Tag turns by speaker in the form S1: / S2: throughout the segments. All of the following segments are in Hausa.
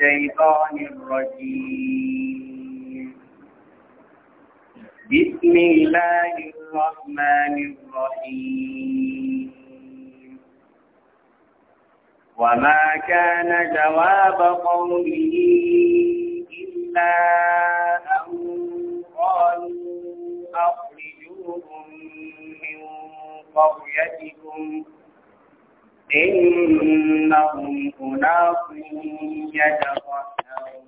S1: الشيطان الرجيم بسم الله الرحمن الرحيم وما كان جواب قومه إلا أن قالوا أخرجوهم من قريتكم إنهم أناس يتطهرون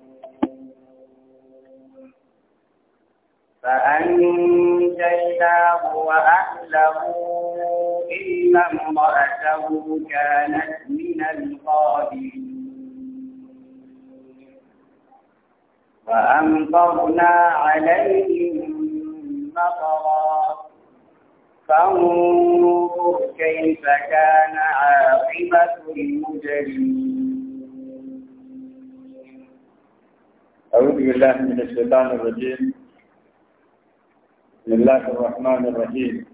S1: فأنجيناه وأهله إلا امرأته كانت من الغابرين وأمطرنا عليهم مطرا فانظر كيف كان عاقبة المجرمين أعوذ بالله من الشيطان الرجيم
S2: بسم الله الرحمن الرحيم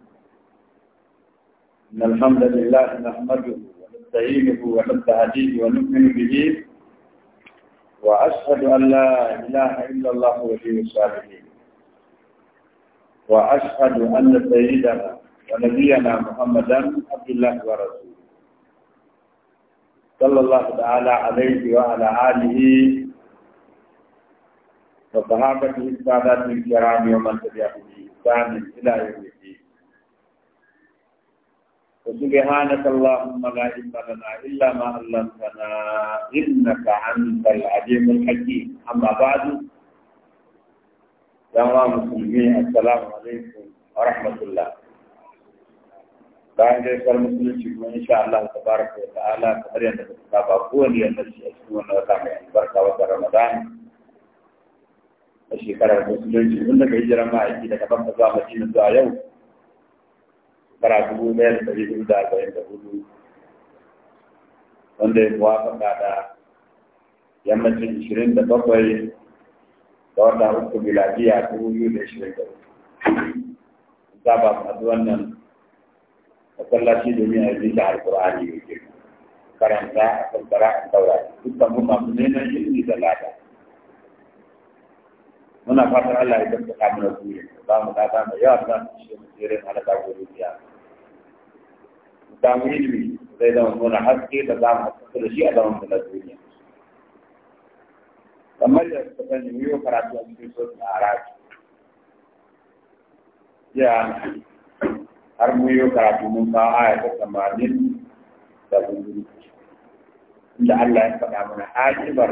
S2: إن الحمد لله نحمده ونستعينه ونستهديه ونؤمن به وأشهد أن لا إله إلا الله ولي الصالحين وأشهد أن سيدنا ونبينا محمدا عبد الله ورسوله صلى الله تعالى عليه وعلى آله وصحابته السادات الكرام ومن تبعهم بإحسان إلى يوم الدين وسبحانك اللهم لا علم لنا إلا ما علمتنا إنك أنت العليم الحكيم أما بعد yawa musulmi assalamu alaikum wa rahmatullah bayan dai kar musulunci kuma insha Allah tabaraka wa ta'ala kamar yadda muka saba ko kowane shi a cikin wannan wata mai albarka wata Ramadan a shekarar musulunci tun daga hijiran ma'aiki daga Makka zuwa Madina zuwa yau shekara dubu ɗaya da ɗari biyu da arba'in da hudu wanda ya muwafaka da yammacin ishirin da bakwai da wata uku miladiya dubu biyu da ishirin da uku za ba faɗi wannan masallaci domin a zika alkur'ani mai girma karanta a kankara a daura dukkan mu masu neman ilimi da lada muna fatan Allah ya tabbata mana burin ba mu lada mai yawa za mu shi mu tsere na da gobe biya mu samu ilimi zai zama muna haske da za mu haske da shi a zaman mu na duniya kamar da suka sani mu yi karatu a cikin sosu a rafi ya har mu yi karatu mun ba aya ta tamanin da hudu inda Allah ya faɗa mana akibar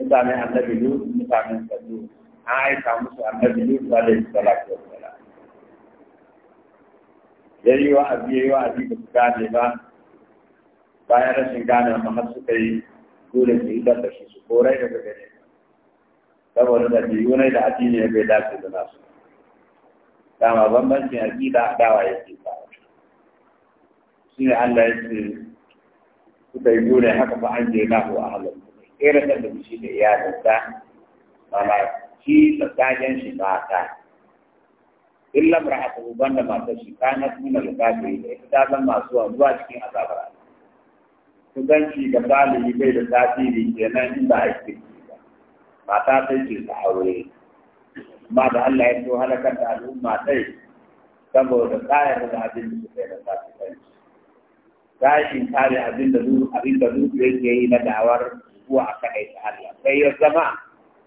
S2: mutane annabi lu mutanen sallu an aika musu annabi lu alaihi salatu wassalam yayi wa abi yayi wa abi ba su gane ba bayan rashin gane ma har suka yi dole su da dan da shi su korai daga gare saboda da biyu ne da addini ne bai dace da nasu dama bambancin aqida dawa yake ba shi ne Allah ya ce suka yi dole haka fa an je na ko ahlan irin da da shi da iyalinsa mana shi tsakajen shi ba ta illa mar'atu banda matar shi kanat min al-kafiri da ita zan masu zuwa cikin azabar kusanci ga salihi bai da tasiri kenan inda ake mata sai ke ta aure amma da Allah ya so halakar da al'umma sai saboda tsayar da abin da suka yi da fasikanci tashin kare abin da abin da duk yake yi na dawar zuwa a kaɗai ta Allah sai ya zama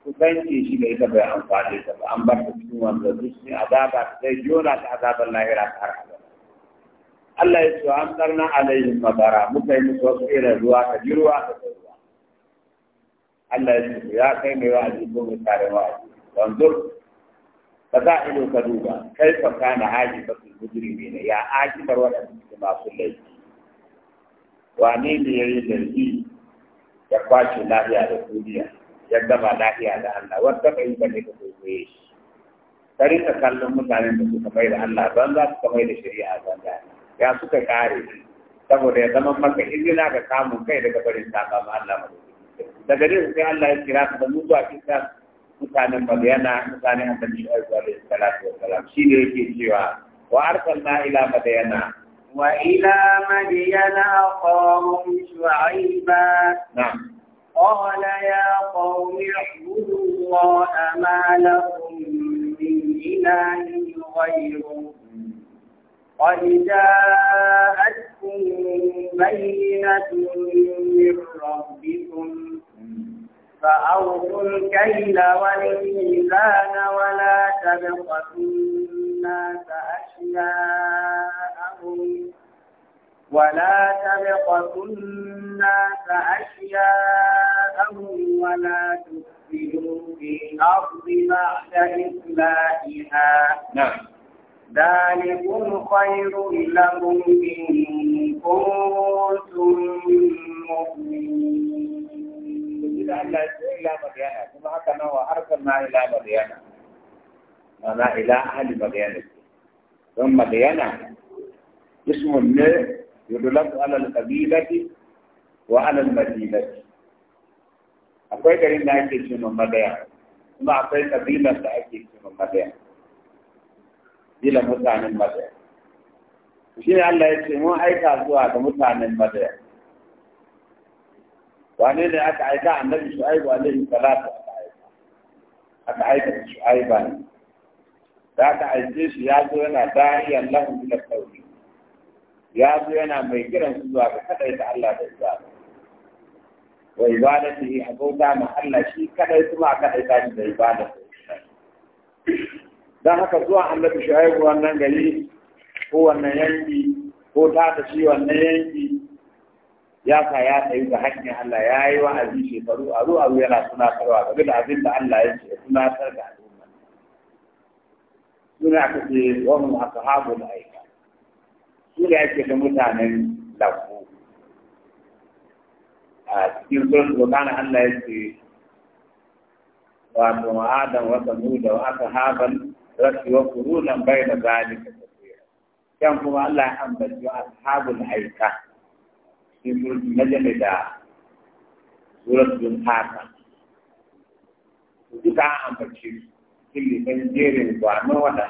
S2: kusanci shi da ita bai amfani da ba an bar ta cikin wanda duk sun azaba sai jona ta azabar lahira ta har Allah ya ce wa amtarna alaihim madara muka yi musu wasu irin ruwa ka ji ka ruwa Allah ya ce ya kai mai wa'azi ko mai tare wa'azi Wanzu, ba za a ido ka duba kai fa kana haji ba su guduri ne ya aji bar waɗanda suke masu laifi wane ne ya yi zargi ya kwace lafiya da duniya ya gama lafiya da Allah wanda bai ba ne ka kwaikwaye shi ka rika kallon mutanen da suka mai da Allah banza suka mai da shari'a banza ne ya suka kare saboda ya zama maka izina ga kamun kai daga barin saka ba Allah daga nan sai Allah ya kira ka da mutuwa kisa mutanen Madiyana mutanen Annabi Shu'aib alaihi salatu wa salam shine yake cewa wa arsalna ila Madiyana
S1: wa ila Madiyana aqahum Shu'aiba na'am قال يا قوم اعبدوا الله ما لكم من إله غيره قد جاءتكم بينة من ربكم فأوفوا الكيل والميزان ولا تبخسوا الناس أشياءهم ولا تبخسوا الناس أشياءهم ولا تفسدوا في الأرض بعد إصلاحها نعم ذلكم خير لكم إن كنتم مؤمنين
S2: إلى مدينة ثم هكذا وأرسلنا إلى مدينة أنا إلى أهل مدينة ثم مدينة اسم يدل على القبيلة وعلى المدينة أقول لك إن أكيد شنو مدينة ثم أعطيت قبيلة أكيد شنو مدينة dila mutanen madaya shi ne Allah ya ce mun aika zuwa ga mutanen madaya wane ne aka aika annabi shu'aibu alaihi salatu aka aika shu'aiba ne da aka aike shi ya zo yana dariyan lahum da sauri ya zo yana mai kiran su zuwa ga kadai da Allah da ibada wa ibadatihi abauta ma Allah shi kadai kuma kadai ta da Ibadatu. don haka zuwa annabi shu'aibu wannan gari ko wannan yanki ko ta ta shi wannan yanki ya sa ya tsayi da hakkin Allah ya yi wa'azi shekaru a ruwa ruwa yana tunatarwa ga da abin da Allah ya ce tunatar da al'umma suna aka ce wannan ashabul aika su da yake da mutanen lafu a cikin sun al Allah ya ce wa Adam wa Samud wa ashabal rasi wa kurunan bai da zalika tafiya kan kuma Allah ya ambaci ashabul aika في سورة النجم دا سورة الحاقة ودك عام بتشير كل من جير القوانين ولا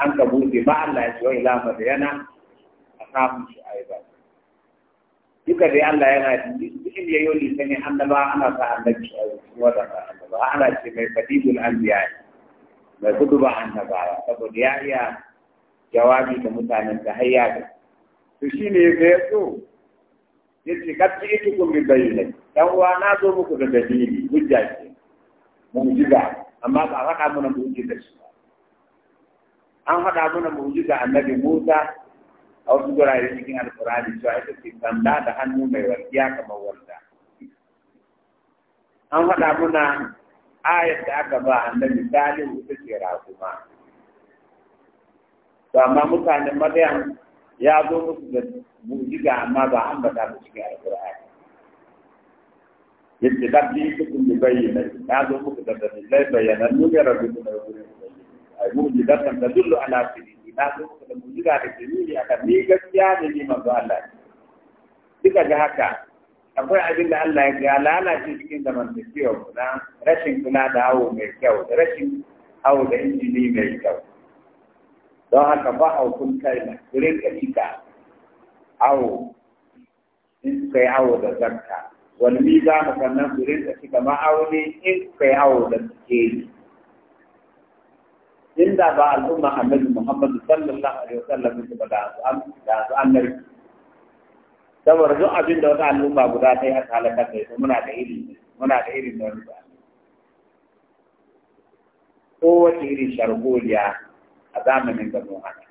S2: أن تبوتي مع الله شوي لا a أقام شعيبا duka dai Allah yana cikin ya yi sani annaba ana sa annabi a wasu annaba ana ce mai fadidul anbiya ba su duba an baya saboda ya iya jawabi da mutanen ta har ya su shi ne ga ya so ya ce kacce ita kun bi bayyana dan uwa na zo muku da dalili hujja ce mu'jiza amma ba a faɗa mana da shi an faɗa mana mu'jiza annabi Musa a wasu gurare cikin alkurani cewa ita ce sanda da hannu mai warkiya kamar wanda an faɗa mana ayar da aka ba annabi salihu ita ce rakuma to amma mutanen maryam ya zo musu da mu'jiza amma ba an bada ta cikin alqur'ani yace da bi kun bi bayyana ya zo musu da da dalilai bayyana mun ya rabu da wurin ai mu'jiza kan tadullu ala sirri na zo musu da mu'jiza da ke nuni akan ni gaskiya ne ni manzo Allah kika ga haka akwai abin da Allah ya lalace cikin zamantakewar mu rashin kula da awo mai kyau da rashin awo da injini mai kyau don haka ba a hukunta ina wurin ka cika awo in suka yi awo da zarka wani ni za mu sannan su rinka cika ma'auni in suka yi awo da suke yi inda ba al'umma annabi muhammadu sallallahu alaihi wasallam su ba da su an narki saboda duk abin da wata al'umma guda ta yi aka halakar da ita muna da iri muna da irin da wata kowace irin a zamanin da mu haka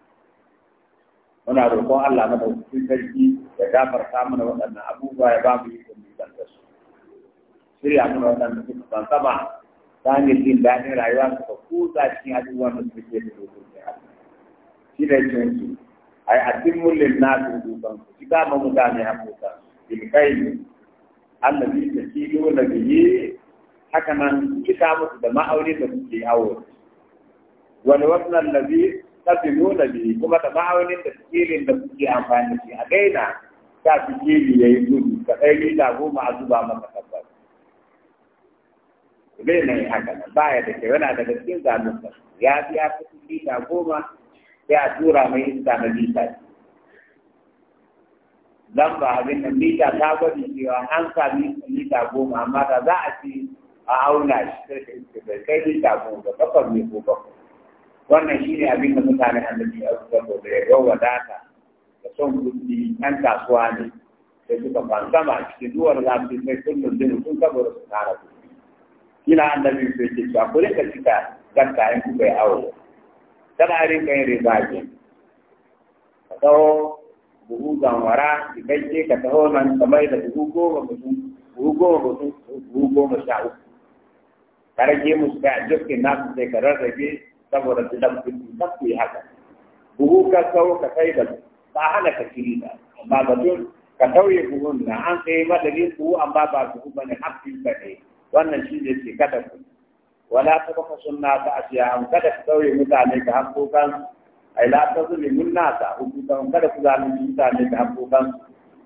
S2: muna roƙon Allah na dauki sarki ya gafarta samun waɗannan abubuwa ya ba mu yi kumitan da su shirya mana waɗanda suka san sama ta hanyar jin daɗin rayuwa suka kusa cikin abubuwan da suke da dokokin Allah shi da yanzu ay atimmu lin nasi duban kita ma mutane hakuta bil kai annabi takilu nabiyyi haka nan kita musu da ma'aure da suke awo wal wasna allazi tasiluna bi kuma da ma'aunin da sikilin da suke amfani shi a daina ta ya yayi gudu ka dai ni da goma a zuba maka tabbas bai nan haka nan baya da ke yana da cikin zalunta ya biya kuɗi da goma sai a tura mai iska na mita lamba abin da mita ta gwada cewa an sami mita goma amma da za a ce a auna shi sai kai mita goma bakwai ne ko bakwai wannan shi ne abin da mutane annabi a saboda ya yau wadata da son kuɗi ɗan kasuwa ne sai suka fansama cikin duwar zafi sai sun lullu sun saboda su tara kuɗi kila annabi sai ce cewa ku rika cika ganta kuka yi awo dabari rinka riba ji ka taho buhu gamwara cikakke ka taho nan kamar da buhu goma mutum buhu goma mutum buhu goma sha uku ka rage musu kai a jirgin nasu sai ka rarrage saboda su dan kuɗi kan ku yi haka buhu ka taho ka kai da ba hana ka kiri ba amma batun ka tauye buhun na an kai madadin buhu amma ba buhu bane hafi ba ka wannan shi ne ke kada kuɗi wala ta kafa sunna ta asiyahum kada ku sauye mutane da hakokan ai la ta zuli munna ta hukukan kada ku zalunci mutane da hakokan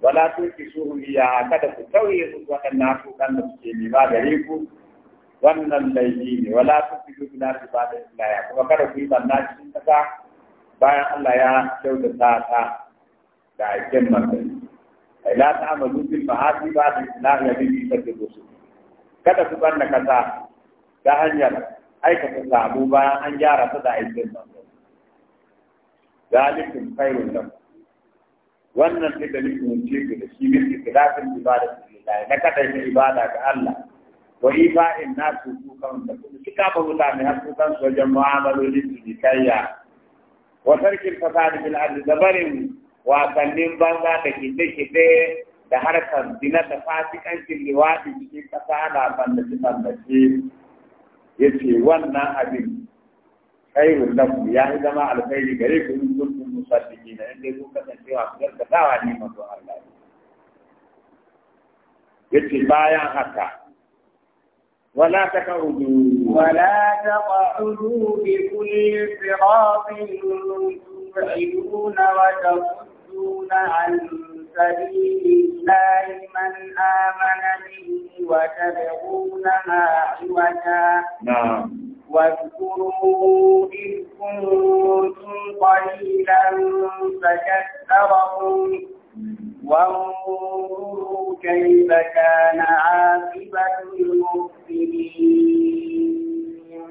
S2: wala ta ki suhuliya kada ku sauye waɗannan hakokan da suke nema gare ku wannan laifi ne wala ta fi duk na ba da islaya kuma kada ku yi banna cikin kasa bayan Allah ya kyautata da aikin ta ba da ta kada ku ta hanyar aikata samu bayan an gyara ta da aikin manzo zalikum kairun nan wannan ne wuce ku da shi ne ikhlasin ibada lillahi na kada ne ibada ga Allah wa ifa'in na su kan da kuma shi ba mutane har su kan wajen mu'amalolin su kayya wa tarkin fasadi bil ardi da barin wasannin banza da kide-kide da harkar zina da fasikancin liwaɗi cikin ƙasa na bandace-bandace ya ce wannan abin khairun lakum ya yi zama alkhairi gare ku in kuntum musaddiqina in dai kun kasance masu gaskatawa ne manzo Allah ya ce bayan haka ولا تقعدوا ولا
S1: تقعدوا بكل صراط تعلمون وتصدون عن سبيل الله من آمن به وتبغونها عوجا نعم واذكروا إذ كنتم قليلا فكثركم وانظروا كيف كان عاقبة المفسدين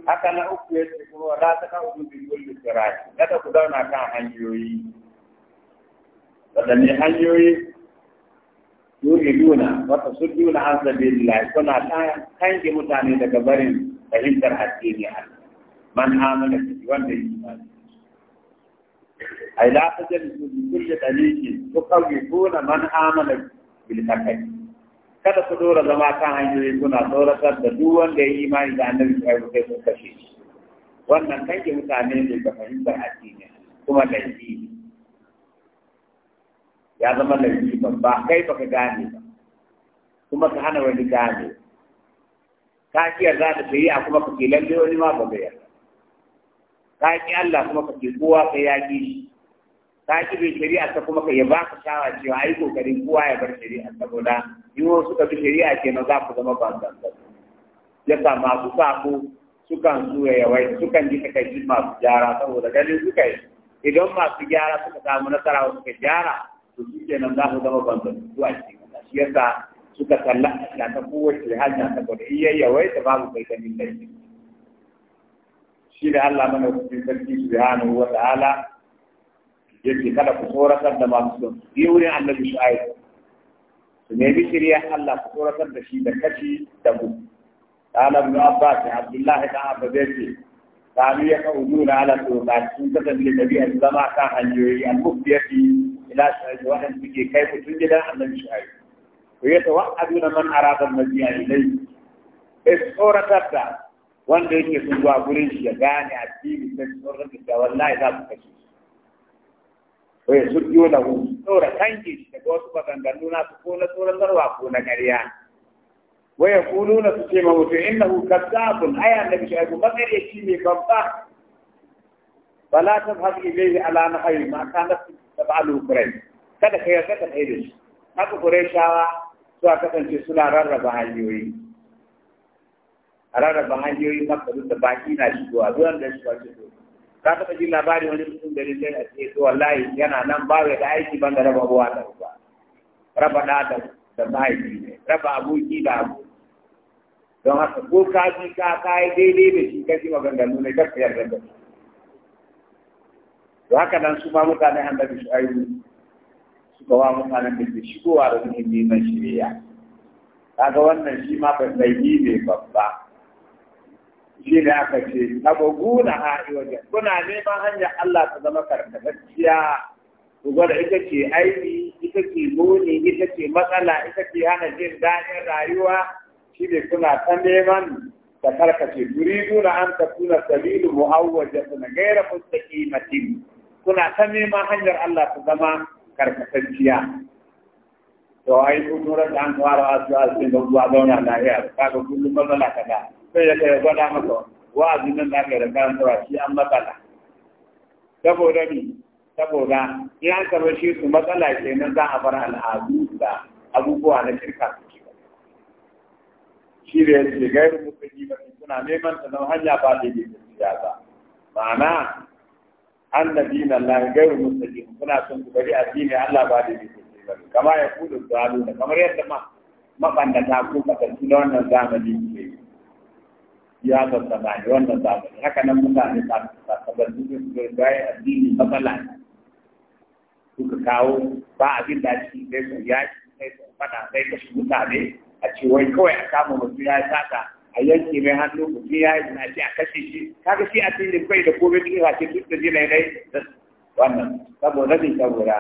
S1: haka na uku ya ce kuma za ta kawo
S2: bin gulbi tsirai kada ku zauna kan hanyoyi waɗanne hanyoyi yuriduna wata sudduna an sabilillah kuna ta kange mutane daga barin fahimtar addini Allah man amana bi wanda yi imani ay la tajlisu bi kulli tariqin tuqawwifuna man amana bil haqqi kada ku dora zama kan hanyoyi kuna tsoratar da duk wanda ya yi imani da annabi sai ku kai ku kashe wannan kange mutane ne daga fahimtar addini kuma da yi ya zama laifi ba kai baka gane ba kuma ka hana wani gane ka ki yarda da a kuma ka ke lalle wani ma ba yarda ka ki Allah kuma ka ke kowa ka yaƙi shi ka ki bai shari'a ta kuma ka ya ba ka shawa cewa ai kokarin kowa ya bar shari'a saboda in wasu suka bi shari'a kenan za ku zama ba zanta ya sa masu sako sukan zuwa yawai sukan ji ta takaicin masu gyara saboda ganin suka yi idan masu gyara suka samu nasara suka gyara to shi kenan za su zama banzantu zuwa cikin shi yasa suka kalla na ta kowace hanya saboda iya yawai da babu kai ganin laifi shi da Allah mana kuɗin sarki subhanahu wa ta'ala yake kada ku tsoratar da masu son yi wurin annabi shu'aib su nemi shirya Allah ku tsoratar da shi da kashi da gudu قال ابن عباس عبد الله بن عباس قالوا يقعدون على الطرقات سنة للنبي الزمان كان يريد المفتي ila shu'aib waɗanda ke kai mutum gidan annabi shu'aib ku yi tawa'aduna man arada mabiya ilai sai su tsoratar da wanda yake sun zuwa gurin shi ya gane addini sai su tsoratar da wallahi za su kashe shi ko ya surgiyo da hu tsora kanki shi daga wasu maganganu nasu ko na tsoratarwa ko na ƙarya wa yaquluna su ce ma mutum innahu kazzabun ay annabi shu'aib makaryaci ne babba fala tadhhab ilayhi ala nahri ma kanat fa'alu quraish kada ka yarda ka tsaye da shi haka qurayshawa suka kasance suna rarraba hanyoyi a rarraba hanyoyin maka duk da baki na shigowa wanda da shigowa shi ka taɓa jin labarin wani mutum da rikin a ce to wallahi yana nan ba da aiki ban da raba uwa da uba raba da da mahaifi mai, raba aboki da abu don haka ko ka ji ka ka yi daidai da shi ka ji maganganu ne kar ka yarda da shi to haka nan su ma mutanen annabi shu'aibu suka wa mutanen da ke shigowa da muhimmi na shirya kaga wannan shi ma ban ne babba shi ne aka ce tabaguna ha iwajen kuna neman hanyar Allah ta zama karkatacciya ku gwada ita ce aini ita ce muni ita ce matsala ita ce hana jin daɗin rayuwa shi ne kuna ta neman ta karkace turiduna an ta tuna sabilu mu'awwaja suna gaira mustaqimatin kuna ta neman hanyar Allah ta zama karkatacciya to ai ko dora da an fara a cikin da zuwa zauna lafiya kaga kullum matsala da, sai ya kai gwada maka a nan da kai da kan shi an matsala saboda ni saboda in an karɓar shi su matsala nan za a bar al'adu da abubuwa na shirka su shi da ya ce gairu mutane ba suna neman ta hanya ba da yi ba ma'ana annabi na Allah gairu mustaqim kuna son ku bari addini Allah ba da ne kama ya kudu zalu da kamar yadda ma ta ko kasance da wannan zamani ke ya tattaba ne wannan zamani haka nan mutane ta tabbatar da su gaya addini matsala suka kawo ba abin da ake sai su yaki sai su fada sai kashe mutane a ce wai kawai a kama mutum ya saka a yanke mai hannu mutum ya yi zinaci a kashe shi kaga shi a cikin bai da komai cikin hakin duk da jinai dai wannan saboda ne saboda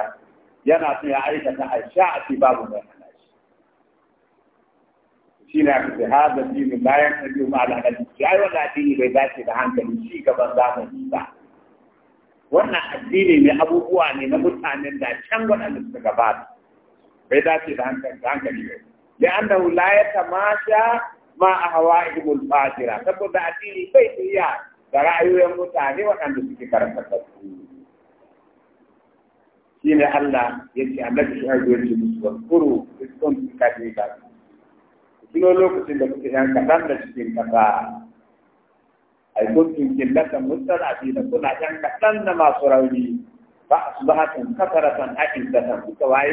S2: yana so ya aikata a sha a ci babu mai hana shi shi na fi hada dinin bayan ta biyu ma al'adar shi ai wannan addini bai dace da hankali shi gaban zamani ba wannan addini ne abubuwa ne na mutanen da can waɗanda suka gabata bai dace da hankali bai لأنه لا يتماشى ma a hawa ibul fatira saboda addini zai tsaya da ra'ayoyin mutane waɗanda suke karanta tafsiri shi ne Allah ya ce annabi shu'aibu ya ce musu wa kuru iskon kafin ka kino lokacin da kuke yan kaɗan da cikin kasa ai kun kinkin lata mustarafi da kuna kaɗan da masu rauni ba su ba hakan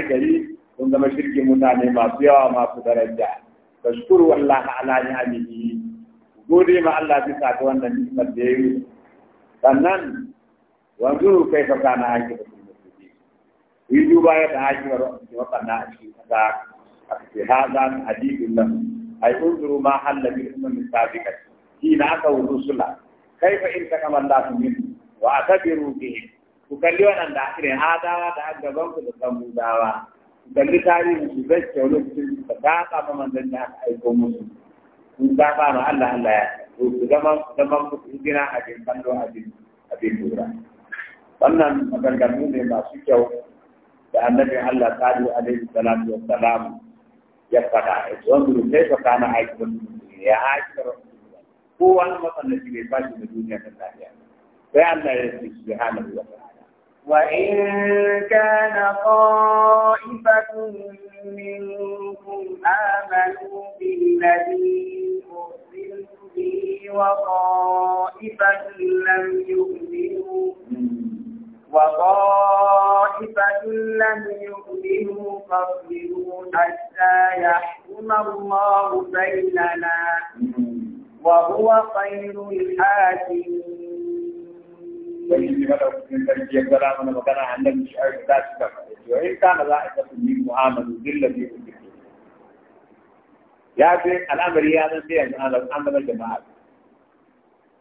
S2: gari kun zama shirkin mutane masu yawa masu daraja tashkuru wallahi ala ni'amihi gode ma Allah bisa ga wannan nikmar da yayi sannan kai ka kana da mutaqin yi duba ya da akibar wa kana aiki kaza aka ce hadha hadithin nan ai unzuru ma halla bi ummin sabiqati hina aka rusula kaifa in kama Allah min wa atabiru bihi ku kalli wannan da akire hada da gaban ku da samudawa kalli tarihin su zai kyau lokacin su ka saba ma da aka aiko musu sun saba ma Allah Allah ya to su zama zama su gina abin kallo abin abin lura wannan maganganu ne masu kyau da annabi Allah sallallahu alaihi salatu wassalam ya fada ya zuwa sai fa kana aikin ya aikin kowa matsalar shi bai fashi da duniya ta lafiya sai Allah ya ce subhanahu wa ta'ala
S1: وإن كان طائفة منكم آمنوا بالذي أرسلت به وطائفة لم يؤمنوا وطائفة لم يؤمنوا فاصبروا حتى يحكم الله بيننا وهو خير الحاكمين
S2: ubangiji madaukakin sarki ya gara mana magana annabi shi a ta shi da cewa in kana za a ta sunni muhammadu billahi wa bihi ya ce al'amari ya zan sai yanzu an zama jama'a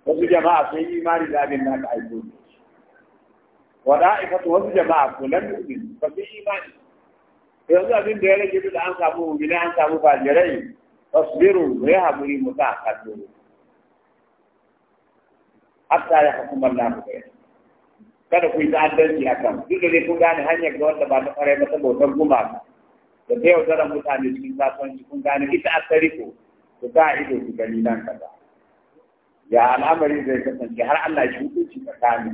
S2: wasu jama'a sun yi imani da abin da aka aiko ne wada'ifatu wasu jama'a ko lam yu'min
S1: ba su imani
S2: to yanzu abin da ya rage da an samu mu'mina an samu fajirai fasbiru ya haƙuri musa a kallo hatta ya hukuma Allah ku kada ku yi ta'addanci a kan duk da dai kun gane hanyar da wanda ba ta kwarai ba saboda guma da ta yaudarar mutane cikin kasuwanci kun gane ita a ko ku ta ido ku gani nan kaza ya al'amari zai kasance har Allah shi hukunci tsakani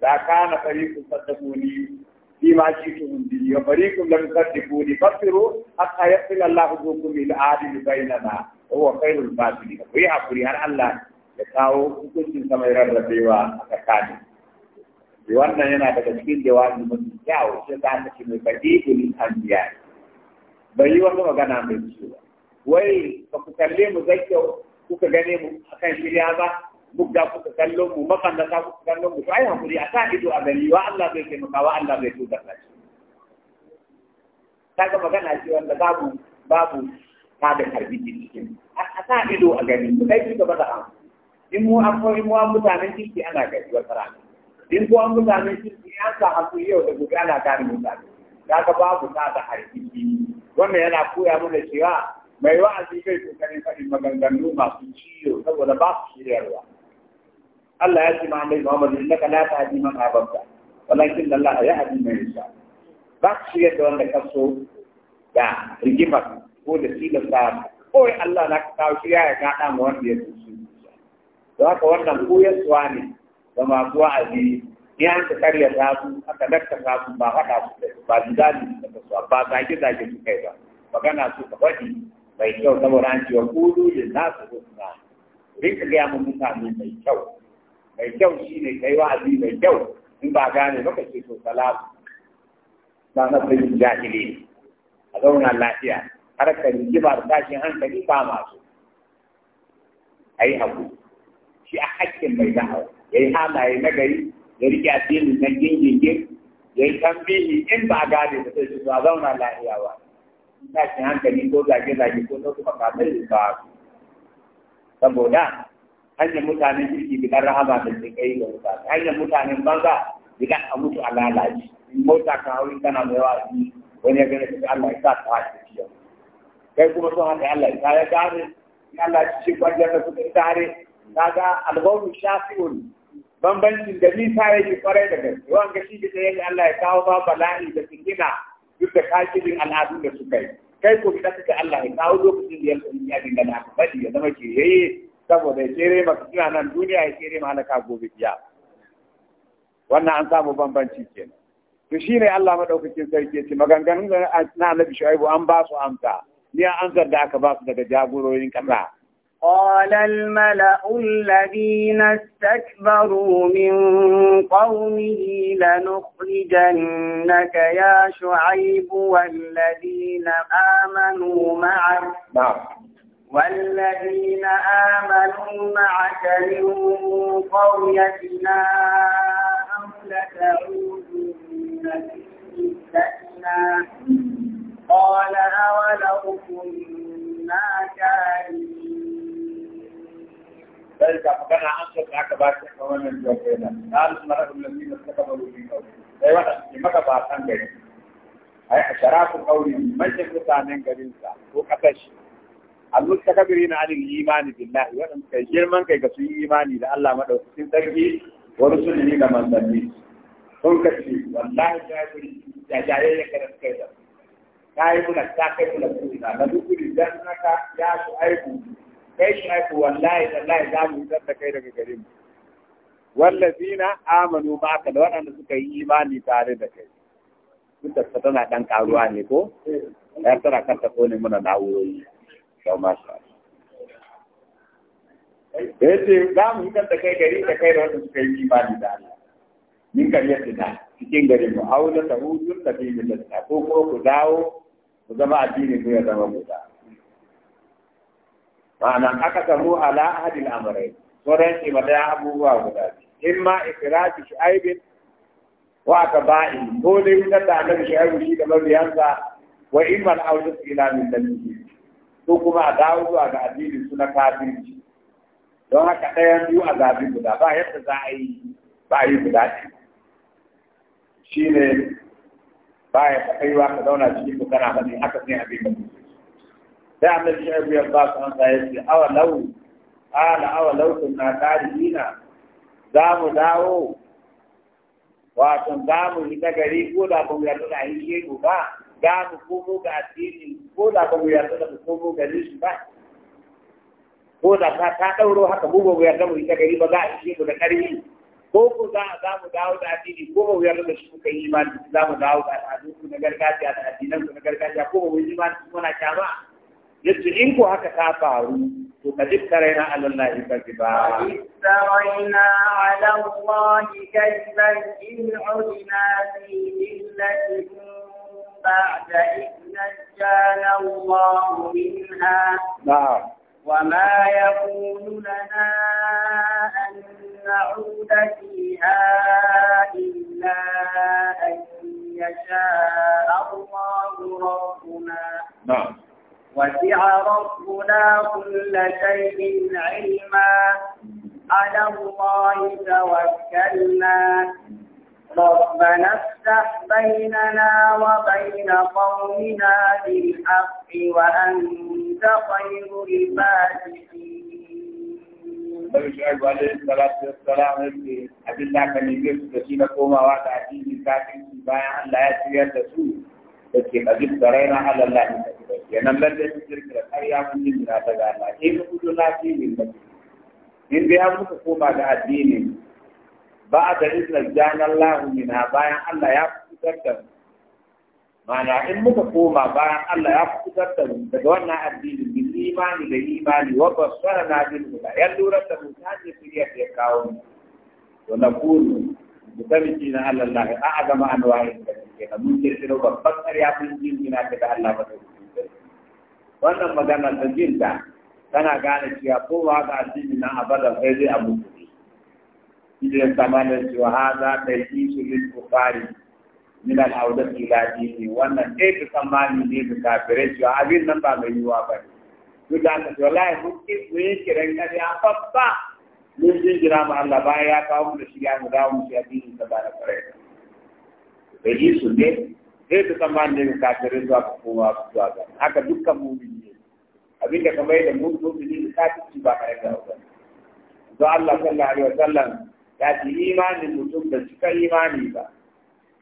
S2: za ka na fariƙun saddakuni fi ma shi tuhun biyu wa fariƙun lam saddakuni fasiru hatta yasila Allah hukumin adil bainana wa khairul batil ku yi hakuri har Allah da kawo hukuncin sama ya rarrabewa a tsakani wannan yana daga cikin jawabi mafi kyawu sai ta aka ce mai faɗi ilin anbiya bai yi wata magana mai ciwo wai ba ku kalle mu zai kyau kuka gane mu akan shirya ba bugga kuka kallon mu makandata kuka kallon mu ai hakuri a sa ido a gani wa Allah bai taimaka wa Allah bai tutar da ta kaga magana ce wanda babu babu ta da karbi cikin a sa ido a gani mu dai kika bada an in mu an in mu an kirki ana gari wata rana in ko an mutane kirki an sa hasu yau da gobe ana gane mutane kaga babu ta da harkiki wannan yana koya mana cewa mai wa'azi bai kokarin faɗin maganganu masu ciwo saboda ba su shiryarwa Allah ya ce ma annabi Muhammad innaka la tahdi man ahbabta walakin Allah ya hadi man yasha ba su shiryar da wanda so da rigimar ko da tilasta ko Allah na kawo shirya ya gada ma wanda ya tsusu da haka wannan suwa ne ga masu wa'azi ne an ka karya ta su aka dakka ta su ba haɗa su kai ba jidali su daga su ba zage zage su kai ba magana su ka faɗi mai kyau saboda an ce kudu da za su husna rika gaya mu mutane mai kyau mai kyau shi ne kai wa'azi mai kyau in ba gane ba ka ce to salatu ba na sayin jahili a zauna lafiya har ka rigima da tashin hankali ba masu a yi haƙuri shi a hakkin mai da'awa ya yi halaye na gari ya riƙe addinin na gingingin ya yi tambihi in ba a gane da sai su a zauna lahiya ba Ina cin hankali ko zage-zage ko na kuma kamar ba saboda hanyar mutanen kirki bidan rahama da su kai da wuta hanyar mutanen banza bidan a mutu a lalace in mota ka hauri tana mai wa ji wani ya gane cikin Allah ya sa ta haɗe ciyo kai kuma sun haɗe Allah ya ya gane in Allah ya ci shi da suka tare kaga albawu shafi'un bambancin da nisa yake kware da gaske wani gashi da yake Allah ya kawo ba bala'i da sikina duk da kakirin al'adun da suka yi kai ko da kake Allah ya kawo lokacin da ya so ya dinga da aka bari ya zama ke yayi saboda ya kere maka kina nan duniya ya kere halaka gobe biya. wannan an samu bambanci kenan to shine Allah madaukakin sarki ya ce maganganun na Annabi Shu'aibu an ba su amsa ni an zarda da aka ba su daga jagororin kasa
S1: قال الملأ الذين استكبروا من قومه لنخرجنك يا شعيب والذين آمنوا معك نعم. والذين آمنوا معك من قريتنا أم لتعودن في قال أولو كنا كارهين
S2: ذلك فكان أنصر لك باكي قوانا الجوكينا قال المرأة
S1: الذين استقبلوا في قوله أي واحد
S2: في مكة باكان جاي أي حشرات قوله من يكون عن قبلك وكتش المستكبرين عن الإيمان بالله وأن كجرما كيكسوا إيماني لألا مدعو سنتكي ورسله لمن ذنبيه sun kashe wallahi jahiri da jayayyar kada suka yi da ka yi muna ta kai muna kuma na duk da naka ya su aibu kai shi aiko wallahi wallahi za mu fitar da kai daga garin wallazina amanu ma'aka da waɗanda suka yi imani tare da kai duk da tana dan karuwa ne ko ya tara kanta ko ne muna na'urori sau masha ya ce za mu fitar da kai gari da kai da waɗanda suka yi imani da Allah min kan yadda na cikin garin mu aula ta hujjun ta bi min da ko ko ku dawo ku zama addini ko ya zama mu da ma'ana aka samu ala ahadil amrai sauran shi ma daya abubuwa guda in ma ikirafi shu'aibin wa aka ba'i ko dai wutar da annabi shu'aibu shi da mabiyansa wa in ma al'audus ila min dalili ko kuma a dawo zuwa ga addinin su na kafirci don haka ɗayan biyu a zabi guda ba yadda za a yi ba a yi guda ɗaya shi ne ba ya kaiwa ka zauna cikin kana hannun aka sai abin da mutum sai annabi shi ya ba su hansa ya ce awa lau ala awa lau kun na tarihina za mu dawo wato za mu yi gari ko da ba mu yarda da yi shaibu ba za mu komo ga addini ko da ba mu yarda da mu komo gare shi ba ko da ka ta ɗauro haka mu ba mu yarda mu yi gari ba za a ishe mu da ƙarfi ko ko za za mu dawo da addini ko ba mu yarda da shi muka yi imani za mu dawo da ku na gargajiya da addinan ku na gargajiya ko ba mu yi imani na kyama yace in ko haka ta faru to ka dikkarena alallahi kaziba
S1: dikkarena alallahi kaziba in udna fi millatikum بعد إذ نجانا الله منها نعم وما يكون لنا أن نعود فيها إلا أن يشاء الله ربنا نعم وسع ربنا كل شيء علما على الله توكلنا ربنا افتح بيننا وبين قومنا بالحق وأنت خير الفاتحين.
S2: الشعب عليه الصلاة والسلام يقول أبدا كان يجب تشيل كوما واقع لا يسير تسوء لكن أجب ترينا على الله kenan lalle su kirkira ƙarya kun yi jira daga Allah in kudu na fi ba in dai an muka koma da addini ba da izinin janar lahu mina bayan Allah ya fitar da mu mana in muka koma bayan Allah ya fitar da mu daga wannan addini bi imani da imani wa tsara na bin ya lura da mutane, ta kawo mu na a ƙarya na Allah wannan magana ta jinta tana gane cewa kowa ga addini na abadan sai dai abu kuɗi idan sama cewa ha za ta yi su lil bukhari min al audat ila dini wannan dai ta tsammani ne da kafirai cewa abin nan ba mai yiwa ba ne duk da haka wallahi mun ki mun yi kiran a fafa mun jira ma Allah baya ya kawo mu da shi ya mu dawo mu shi addini ta ba da kare da yi su ne zai ta tsammanin daga kafirin zuwa ga kowa zuwa ga haka dukkan mumini ne abin da kamar yadda mun mumini da kafirci ba kare da ba to Allah sallallahu alaihi wasallam ya ce imanin mutum da cika imani ba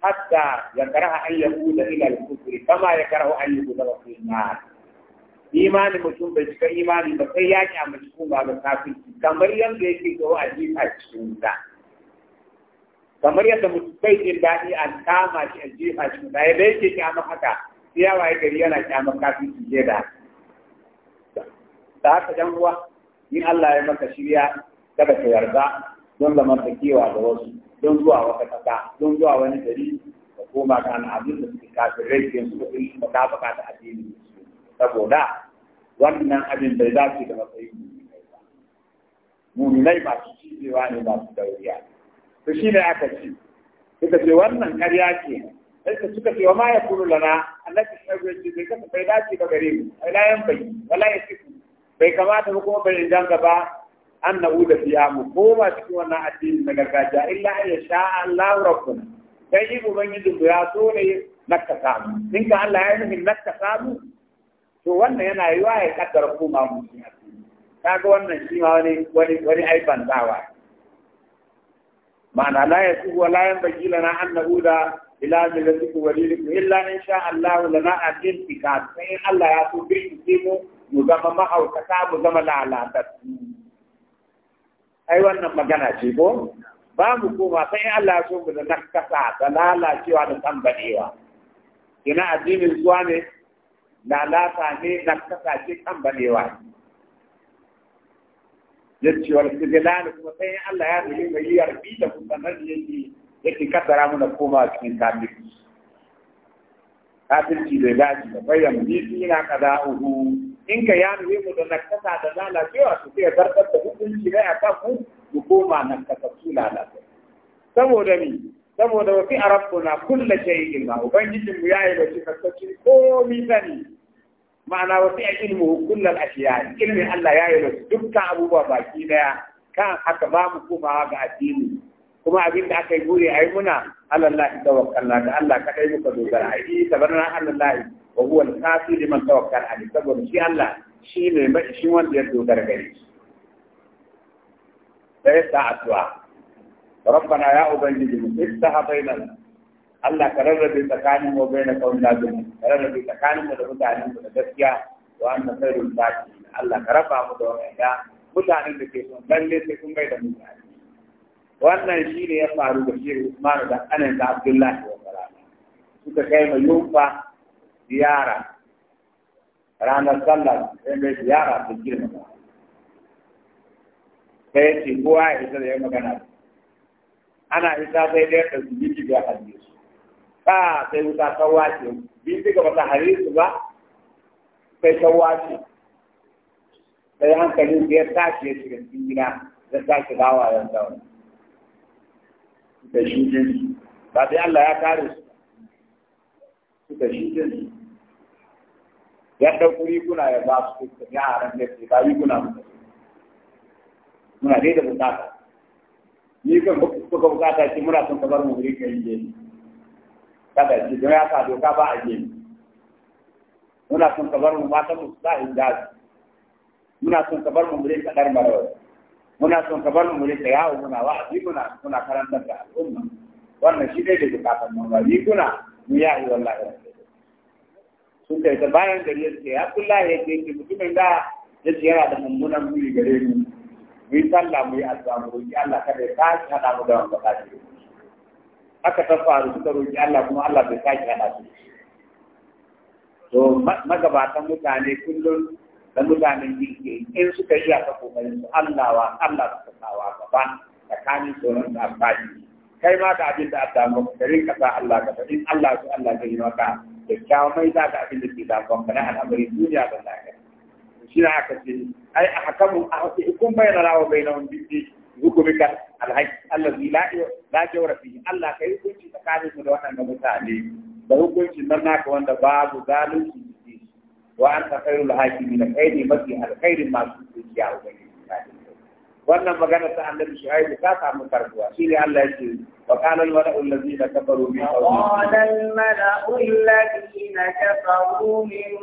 S2: hatta ya karaha an yahuda ila al-kufr kama ya karaha an yahuda wa fi nar imanin mutum bai cika imani ba sai ya kyamaci kuma ga kafin, kamar yadda yake ga wa'azi a cikin da kamar yadda mutum bai jin daɗi a kama shi a jefa shi da yadda yake kyamar haka sai ya waye gari yana kyamar kafin su je da da haka ɗan uwa in Allah ya maka shirya kada ka yarda don kewa da wasu don zuwa wata kasa don zuwa wani gari da koma ka na abin da suke kafin rai ke su kuɗi su ka baka da addini saboda wannan abin bai dace da matsayin muminai ba muminai masu cijewa ne masu dauriya ne to shi ne aka ci suka ce wannan karya ce sai suka ce wa ma ya kulu lana annabi sallallahu alaihi bai kasa bai dace ba gare mu a layan bai wala ya bai kamata ba kuma bai janga ba an na uda fiya mu koma cikin wannan addini na gargajiya illa ya sha Allah rabbuna sai yi ubangiji ya so ne nakka samu in ka Allah ya nufi nakka samu to wannan yana yiwa ya kaddara koma mu cikin ga wannan shi ma wani wani wani ma'ana la ya tubu la yan bagi lana an da ila milatiku wa diniku illa in sha Allah lana adin tika sai Allah ya so birki mu mu zama mahaukata mu zama lalatattu ai wannan magana ce ko ba mu koma sai Allah ya so mu da nakasa da lalacewa da tambadewa ina addinin zuwa ne lalata ne nakasa ce tambadewa ne yace wal istidlal kuma sai Allah ya ma mai yarbi da kuma nan yake yake kasara muna koma cikin kafirci kafirci da daji da bayan bisi na qada'uhu in ka ya nuna mu da nakasa da lalacewa su sai zartar da hukunci ya kan ku mu koma nakasa su lalacewa saboda ni saboda wa fi kulle kullu shay'in ma ubangijin mu yayi da shi kasance komai sani ma'ana wasu ya ilmu kullal ashiya ilmin Allah ya yi wasu dukkan abubuwa baki daya kan haka ba mu komawa ga addini kuma abin da aka yi gure ai muna alallahi tawakkalna da Allah kadai muka dogara ai tabarna alallahi wa huwa al-kafi liman tawakkala alai saboda shi Allah shi ne mai shi wanda ya dogara gare shi sai ta addu'a ربنا يا أبنجي استهى بيننا الله قرر به تكانم وبين قوم لازم قرر به تكانم ده متعلم ده دسكيا وان خير الباقين الله قرر به مدوم ايا متعلم ده كيسون بلد تكون بيدا متعلم وانا يشير يفعلوا بشير عثمان ده انا انت عبد الله وقرام سوك كيما يوفا زيارة رانا صلى الله عليه وسلم زيارة في الجرمة فهي تقوى إذا يوم كانت أنا إذا سيدي أتزمي بها حديث ka sai wuta ta wace bindiga ba ta hare su ba sai ta wace sai hankalin ya tashi ya shiga cikin gida da tashi dawa ya dawo da shi jinsu ba dai Allah ya kare su suka shi jinsu ya ɗauki riguna ya ba su suka yaran da ke ba riguna muka muna dai da bukata ni kan kuka bukata ce muna son ka bar mu wuri kan yi kada shi don ya sa doka ba a je muna son ka bar mu matan mu sa hijabi muna son ka bar mu mure kadar marawai muna son ka bar mu mure ta yawo muna wa'azi muna muna karantar da al'umma wannan shi dai da bukatar mu ba riguna mu yayi wallahi sun kai ta bayan gari ya ce abdullahi ya ce mutumin da ya ce yana da mummunan muni gare mu mu yi sallah mu yi addu'a mu roki Allah kada ya tashi hada mu da wannan bakati haka ta faru suka roƙi Allah kuma Allah bai sake hada su to magabatan mutane kullum da mutanen jirgi in suka yi aka kokarin su Allah wa Allah suka kawa gaba tsakanin tsoron da amfani kai ma da abin da Allah maka kare ka sa Allah ka in Allah su Allah zai yi maka kyakkyawan mai za ka abin da ke damuwa ka na al'amari duniya da lafiya shi na aka ce ai a hakamu a hukumai na rawa bai na wani hukumika alhaji allazi la la jawra fihi Allah kai hukunci tsakanin mu da waɗannan mutane da hukuncin nan naka wanda babu zalunci ciki wa anta khairul hakimin kai ne mafi alkhairin masu dukiya ubangiji wannan magana ta annabi shu'aibu ta samu karbuwa shi ne Allah ya ce وقال
S1: الملأ الذين كفروا من قومه وقال الملأ الذين كفروا من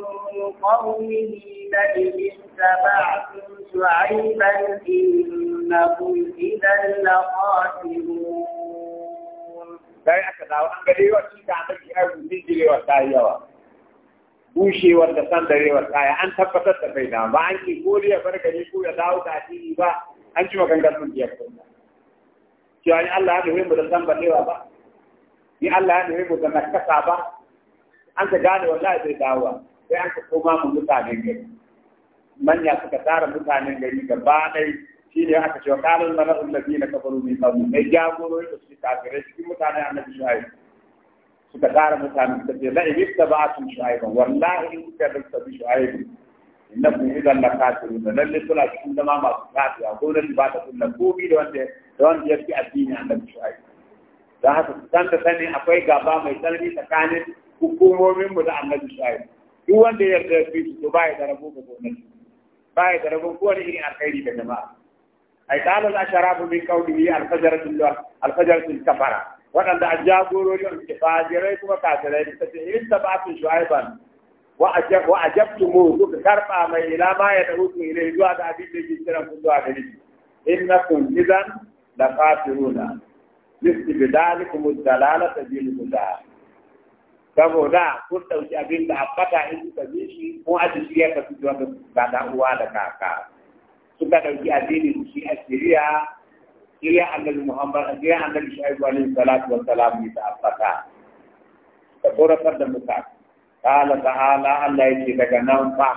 S1: قومه لئن اتبعتم شعيبا إنكم إذا لخاسرون sai aka dawo an gare wa shi da annabi ya rubuta jirewa
S2: ta yawa bushewar da sandarewar kaya an tabbatar da bai da ba an ki gori ya bar gari ko ya dawo da addini ba an ci maganganun biyar kuma cewa ni Allah ya nufi mu da zambalewa ba ni Allah ya nufi mu da nakasa ba an ka gane wallahi zai dawo sai an ka koma mu mutanen gari manya suka tara mutanen gari gaba dai shi ne aka cewa kalin marar lafi na kafaru mai kawo mai jagorori da suke kafirai cikin mutanen annabi shu'aib suka tara mutanen suka ce la bisa ba su ba wallahi in kuka rikta su shu'aibin ba kun idan la kafirun lalle suna cikin zama masu kafiya gwamnati ba ta kulla ko bi da wanda don ya fi addini nan shi don haka ku san da sani akwai gaba mai tsanani tsakanin hukumomin mu da annabi shu'aib duk wanda ya yarda da su to baya da rabo ga gwamnati baya da rabo wani irin alkhairi da jama'a ai qala al sharafu min qawlihi al-fajratu al-fajratu kafara waɗanda a jagorori wanda fajirai kuma kafirai da ta ce in ta ba su shu'aiban وأجبتموه zuwa ما abin da يدعوكم إليه kun zuwa الجسر ni inna kun idan لقاتلون لاستبدالكم الدلالة بالهدى saboda kun ɗauki abin da abada in suka bi shi ko a ji shirya ka fito da ba da uwa da kaka suka ɗauki addini shi a shirya shirya annabi muhammad a shirya annabi shaibu alaihi salatu wa salam ne ta abada da korafar da muka Allah daga nan fa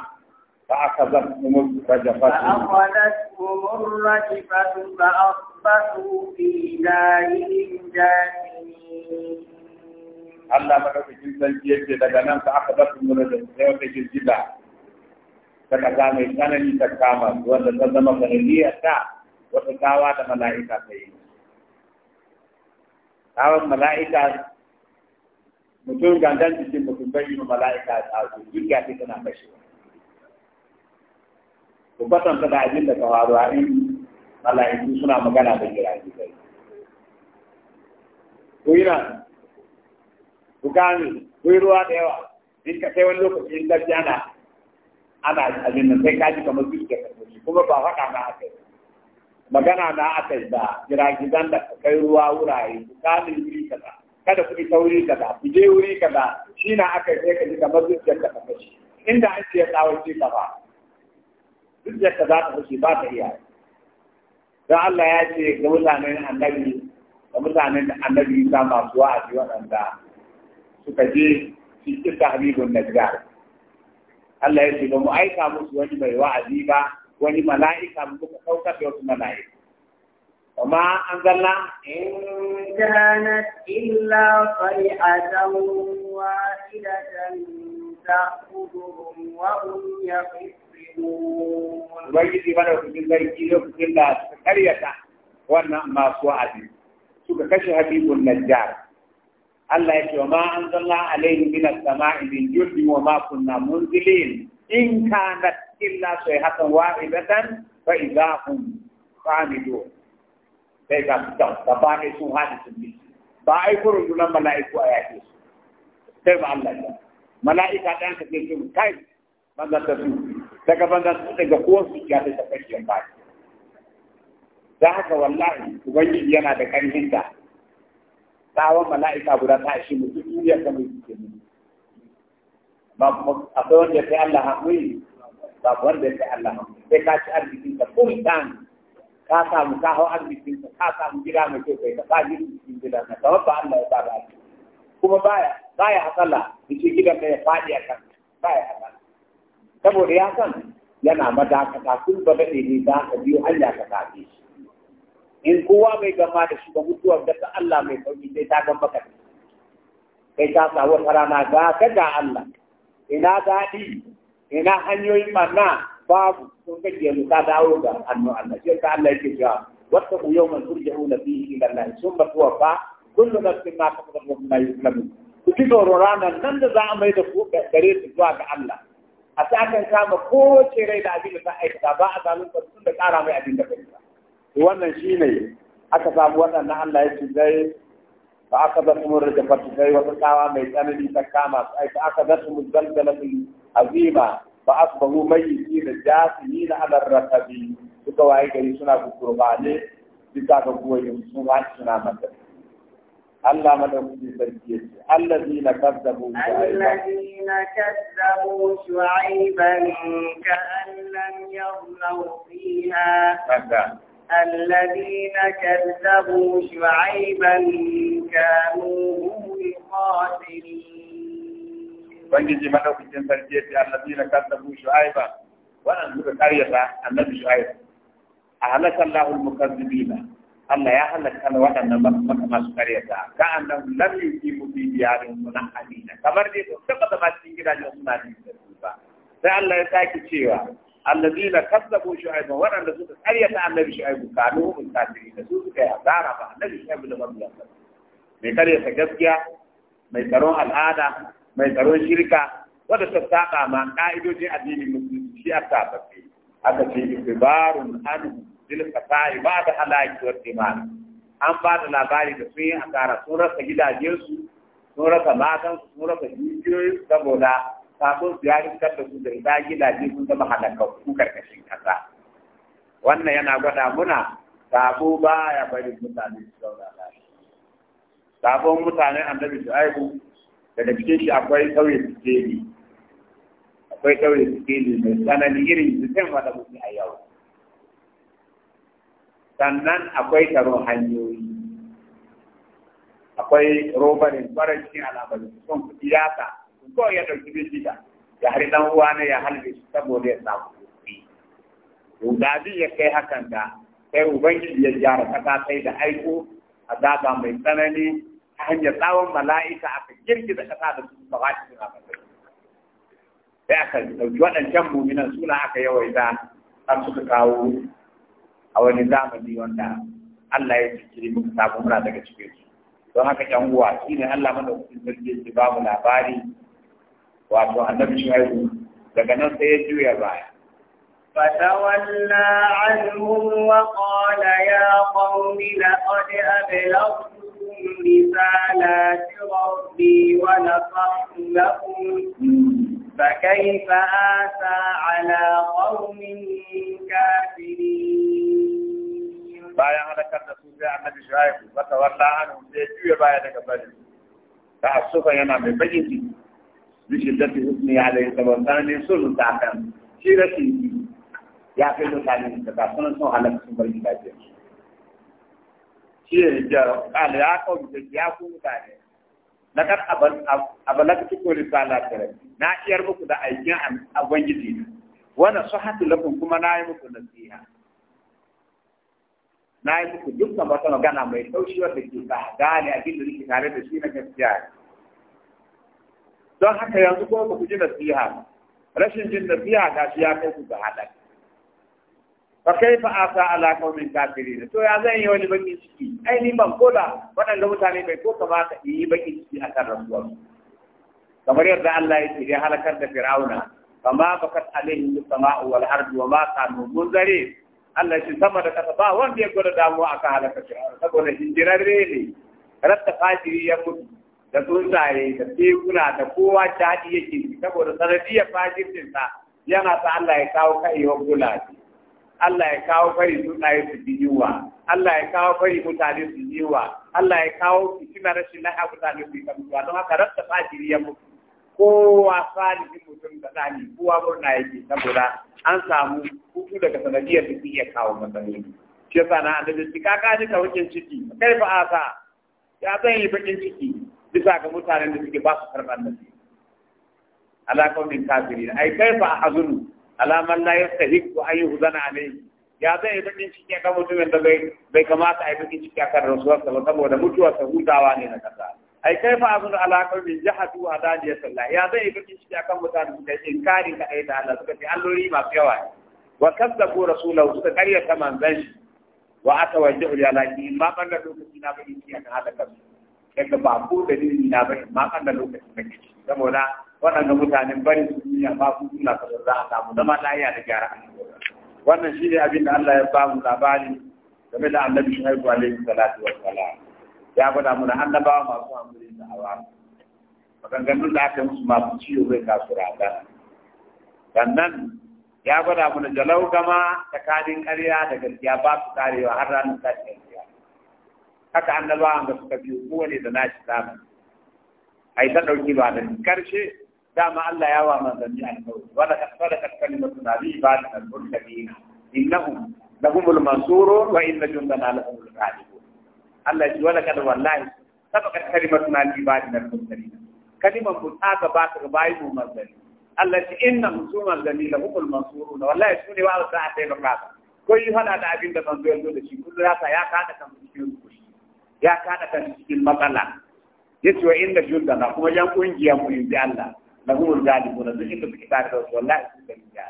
S2: فأخذتهم الرجفة
S1: فأخذتهم الرجفة فأخذتهم فأصبحوا في دارهم جاثمين
S2: Allah madaukakin sarki yake daga nan ta aka dafa mu da sai wata girgiza ta kaza mai tsanani ta kama wanda ta zama sanadiyar ta wata tawa da mala'ika ta yi. Tawan mala'ika mutum gangan jikin mutum bai yi mala'ika a su dukiya ce tana kashewa. Ku kwatanta da abin da ka in mala'iku suna magana da jirage kai ko yana ku gane ko ruwa da yawa in ka sai wani lokaci in gaji ana ana ajin nan sai kaji kamar su ke kasance kuma ba haka na aka yi magana na aka yi da jirage gidan da kai ruwa wurare ku gani wuri kaza kada ku isa wuri kaza ku je wuri kaza shi na aka yi sai ka ji kamar su ka kasance inda an ce ya tsawace ka ba zuciyar ka za ta kashe ba ta iya don Allah ya ce ga mutanen annabi ga mutanen annabi Isa masu wa'azi waɗanda suka je fi kisa habibun najjar Allah ya ce ba mu aika musu wani mai wa'azi ba wani mala'ika mu muka saukar da wasu mala'ika وما أنزلنا
S1: إن كانت إلا صيحة واحدة تأخذهم وهم يقفون ubangiji mana kudin zarki
S2: lokacin da suka karyata wannan masu wa'azi suka kashe habibun najjar Allah ya ce wa ma anzalna alaihi min as-sama'i min juldin wa ma kunna munzilin in kanat illa sayhatan wahidatan fa idza hum qamidun sai ga ta tabani sun hadi sun bi ba ai kurun dunan mala'iku a yake sai ba Allah ya mala'ika dan ka ce kai banda ta su daga banzan daga kowa su ya ta tafiyar ba da haka wallahi ubangiji yana da karfin da tsawon mala'ika guda ta ishe mu duk duniyar da mu ke ba kuma akwai wanda sai Allah hakuri ba wanda sai Allah hakuri sai ka ci arzikin ka kun dan ka samu ka hau arzikin ka ka samu gida mai kyau kai ka sa cikin gida na kawai ba Allah ya ba ba kuma baya baya hasala da shi gidan da ya faɗi a kan baya hasala saboda ya san yana madakata sun ba daɗe ne za ka biyo Allah ka kafe shi in kowa mai gama da shi ba mutuwar da ta Allah mai sauki sai ta gamba ka kai ta sa wata rana ga ka ga Allah ina daɗi ina hanyoyin na? babu sun kake yanzu ta dawo ga hannu Allah Sai ka Allah yake cewa wata ku yau man turja'u na fihi ila Allah sun ba tuwa fa na nafsin ma kasabat wa ma yuslamu ku ji tsoron ranar nan da za a mai da ku gare su zuwa ga Allah a sakan kama kowace rai da abin da ta aikata ba a zalunta tun da kara mai abin da bai ba to wannan shine aka samu waɗannan Allah ya ce dai fa aka da kuma rajafatu dai wata kawa mai tsanani ta kama ai fa aka da kuma zalzalatul azima fa asbahu mayyitina da alar rakabi suka waye gari suna kukurbane duka ga goyon ba wani suna mata Allah madaukaki sarki الذين كذبوا kazzabu allazina
S1: kazzabu shu'ayban ka'an lam الذين كذبوا شعيبا كانوا هم الخاسرين. بنجي ما لو كنت
S2: الذين كذبوا شعيبا وانا لك قريه النبي شعيب أهلك الله المكذبين Allah ya halatta waɗannan ba su masu karyata ka annan lam yusibu fi mu na amina kamar dai to taba zama cikin gidajen suna ne da su ba sai Allah ya saki cewa allazina kazzabu shu'aiba waɗanda suka karyata annabi shu'aibu kanu hum kafirin da su suka yi azara ba annabi shu'aibu da mabiya mai karyata gaskiya mai tsaron al'ada mai tsaron shirka wanda ta saba ma ka'idojin addinin musulunci shi a tabbace aka ce ibibarun anhu bil qasa'i ba da halaki wa dimal an ba da labari da sun yi a asara sun rasa gidajensu sun rasa matan sun rasa jijiyoyin saboda sabon su ya riskar da su da ita gidaje sun zama halakakku karkashin kasa wannan yana gwada muna sabo ba ya bari mutane su zauna lafiya sabon mutanen annabi shu'aibu daga cikin shi akwai sauye sikeli akwai sauye sikeli mai tsanani irin jikin wanda mutum a yau sannan akwai taron hanyoyi akwai robarin farashin cikin al'amari kuɗi yasa sa ko ya ɗauki bishita ya hari dan uwa na ya halbe shi saboda ya samu kuɗi bi ya kai hakan da sai ubangiji ya gyara kasa sai da aiko a azaba mai tsanani ta hanyar tsawon mala'ika aka girgiza kasa da su ba wa sai aka ɗauki waɗancan muminan suna aka yawaita har suka kawo a wani zamani wanda Allah ya cikiri muka samu muna daga cikin su don haka yan uwa shine Allah madaukakin sarki yake ba mu labari wato annabi Shuaibu daga nan sai ya juya baya
S1: فتولى عنهم وقال يا قوم لقد أبلغتكم رسالات ربي ونصحت لكم فكيف آسى على قوم كافرين
S2: bayan halakar da su sai annabi shu'aib wa tawalla anhum sai juya baya daga barin ta asufa yana mai bakin ciki bi shiddati husni alayhi sabantan ne sun ta kan shi rashi ya kai mutane da ka sunan sun halakar sun bar gidaje shi ne jaro kala ya kawo da ya ku mutane na kan abalaka ko risala tare na iyar muku da aikin abangiji wannan sahatu lakum kuma na yi muku nasiha na yi muku dukkan wata magana mai taushi da ke sa gane abin da nake tare da shi na gaskiya don haka yanzu ko ku ji nasiha rashin jin nasiha ga shi ya kai ku ga halaka fa kaifa asa ala qaumin kafirin to ya zan yi wani baki
S1: ciki ai ni
S2: ban koda waɗanda mutane bai ko kamata in yi baki ciki akan rasuwar kamar yadda Allah ya ce ya halakar da fir'auna kama bakat alaihim as-sama'u wal ardu wa ma kanu munzarin Allah shi sama da kasa ba wanda ya gwada damuwa akan halaka Fir'auna saboda hinjirarre ne rasta fajiri ya mutu da tsuntsaye da tekuna da kowa jadi yake saboda sanadiyar fajircin sa yana sa Allah ya kawo kaiwa gulafi Allah ya kawo fari tsuntsaye su bi yiwa Allah ya kawo fari mutane su yiwa Allah ya kawo fitina rashin lahiya mutane su yi kamsuwa don haka ratta fajiri ya mutu kowa salihin mutum da tsani kowa murna yake saboda an samu hutu daga sanadiyar da iya kawo matsaloli shi yasa na annabi shi kaka kaji ka wakin ciki kai fa asa ya zan yi bakin ciki bisa ga mutanen da suke ba su karɓar nasi ala kaumin kafirin ai kai fa ahzunu ala man la yastahiqu an yuhzana alayhi ya zai yi bakin ciki kan mutumin da bai kamata a yi bakin ciki akan rasuwarsa ba saboda mutuwarsa hutawa ne na kasa ai kai fa abun alaƙar bin jahatu a ya sallah ya zai yi shi ciki akan mutane da yi inkarin ka aida Allah suka ce allori ba yawa wa kazzabu rasulahu suka ta manzon shi wa aka wajjahu ya laki ma Banda lokaci na bari ki akan hada kansu daga ba ko ni na ba ma banda da lokaci na kici saboda waɗannan mutanen bari su yi ba ku suna kasar za a samu zama lafiya da gyara wannan shi ne abin da Allah ya bamu labari game da annabi haifu alaihi salatu wa salam ya gwada mana annabawa masu hankali da hawa maganganun da aka musu masu ciwo bai kasu rada sannan ya gwada mana jalau gama tsakanin ƙarya da gaskiya ba su karewa har ranar tashin ƙarya haka annabawa da suka biyu kowane da nashi samu a yi ta ɗauki ba da karshe dama Allah ya wa manzanni alƙawari wala kasara kasani mutunabi ba da alƙur'ani innahum lahumul mansurun wa inna jundana lahumul ghalib Allah ya ji wala kada wallahi sabaka kalimatu na li ba'd min al-mursalin kalimar mu ta gaba ta gaba yi mu manzali Allah ya inna musuman zalila hukul mansuruna wallahi su ne wa'ala sa'a sai baka ko yi hada da abin da manzo yanzu da shi kullu ya ya kada kan cikin kushi ya kada kan cikin matsala yace wa inda junda na kuma yan kungiya mu yi Allah da galibuna duk inda suke tare da wallahi su da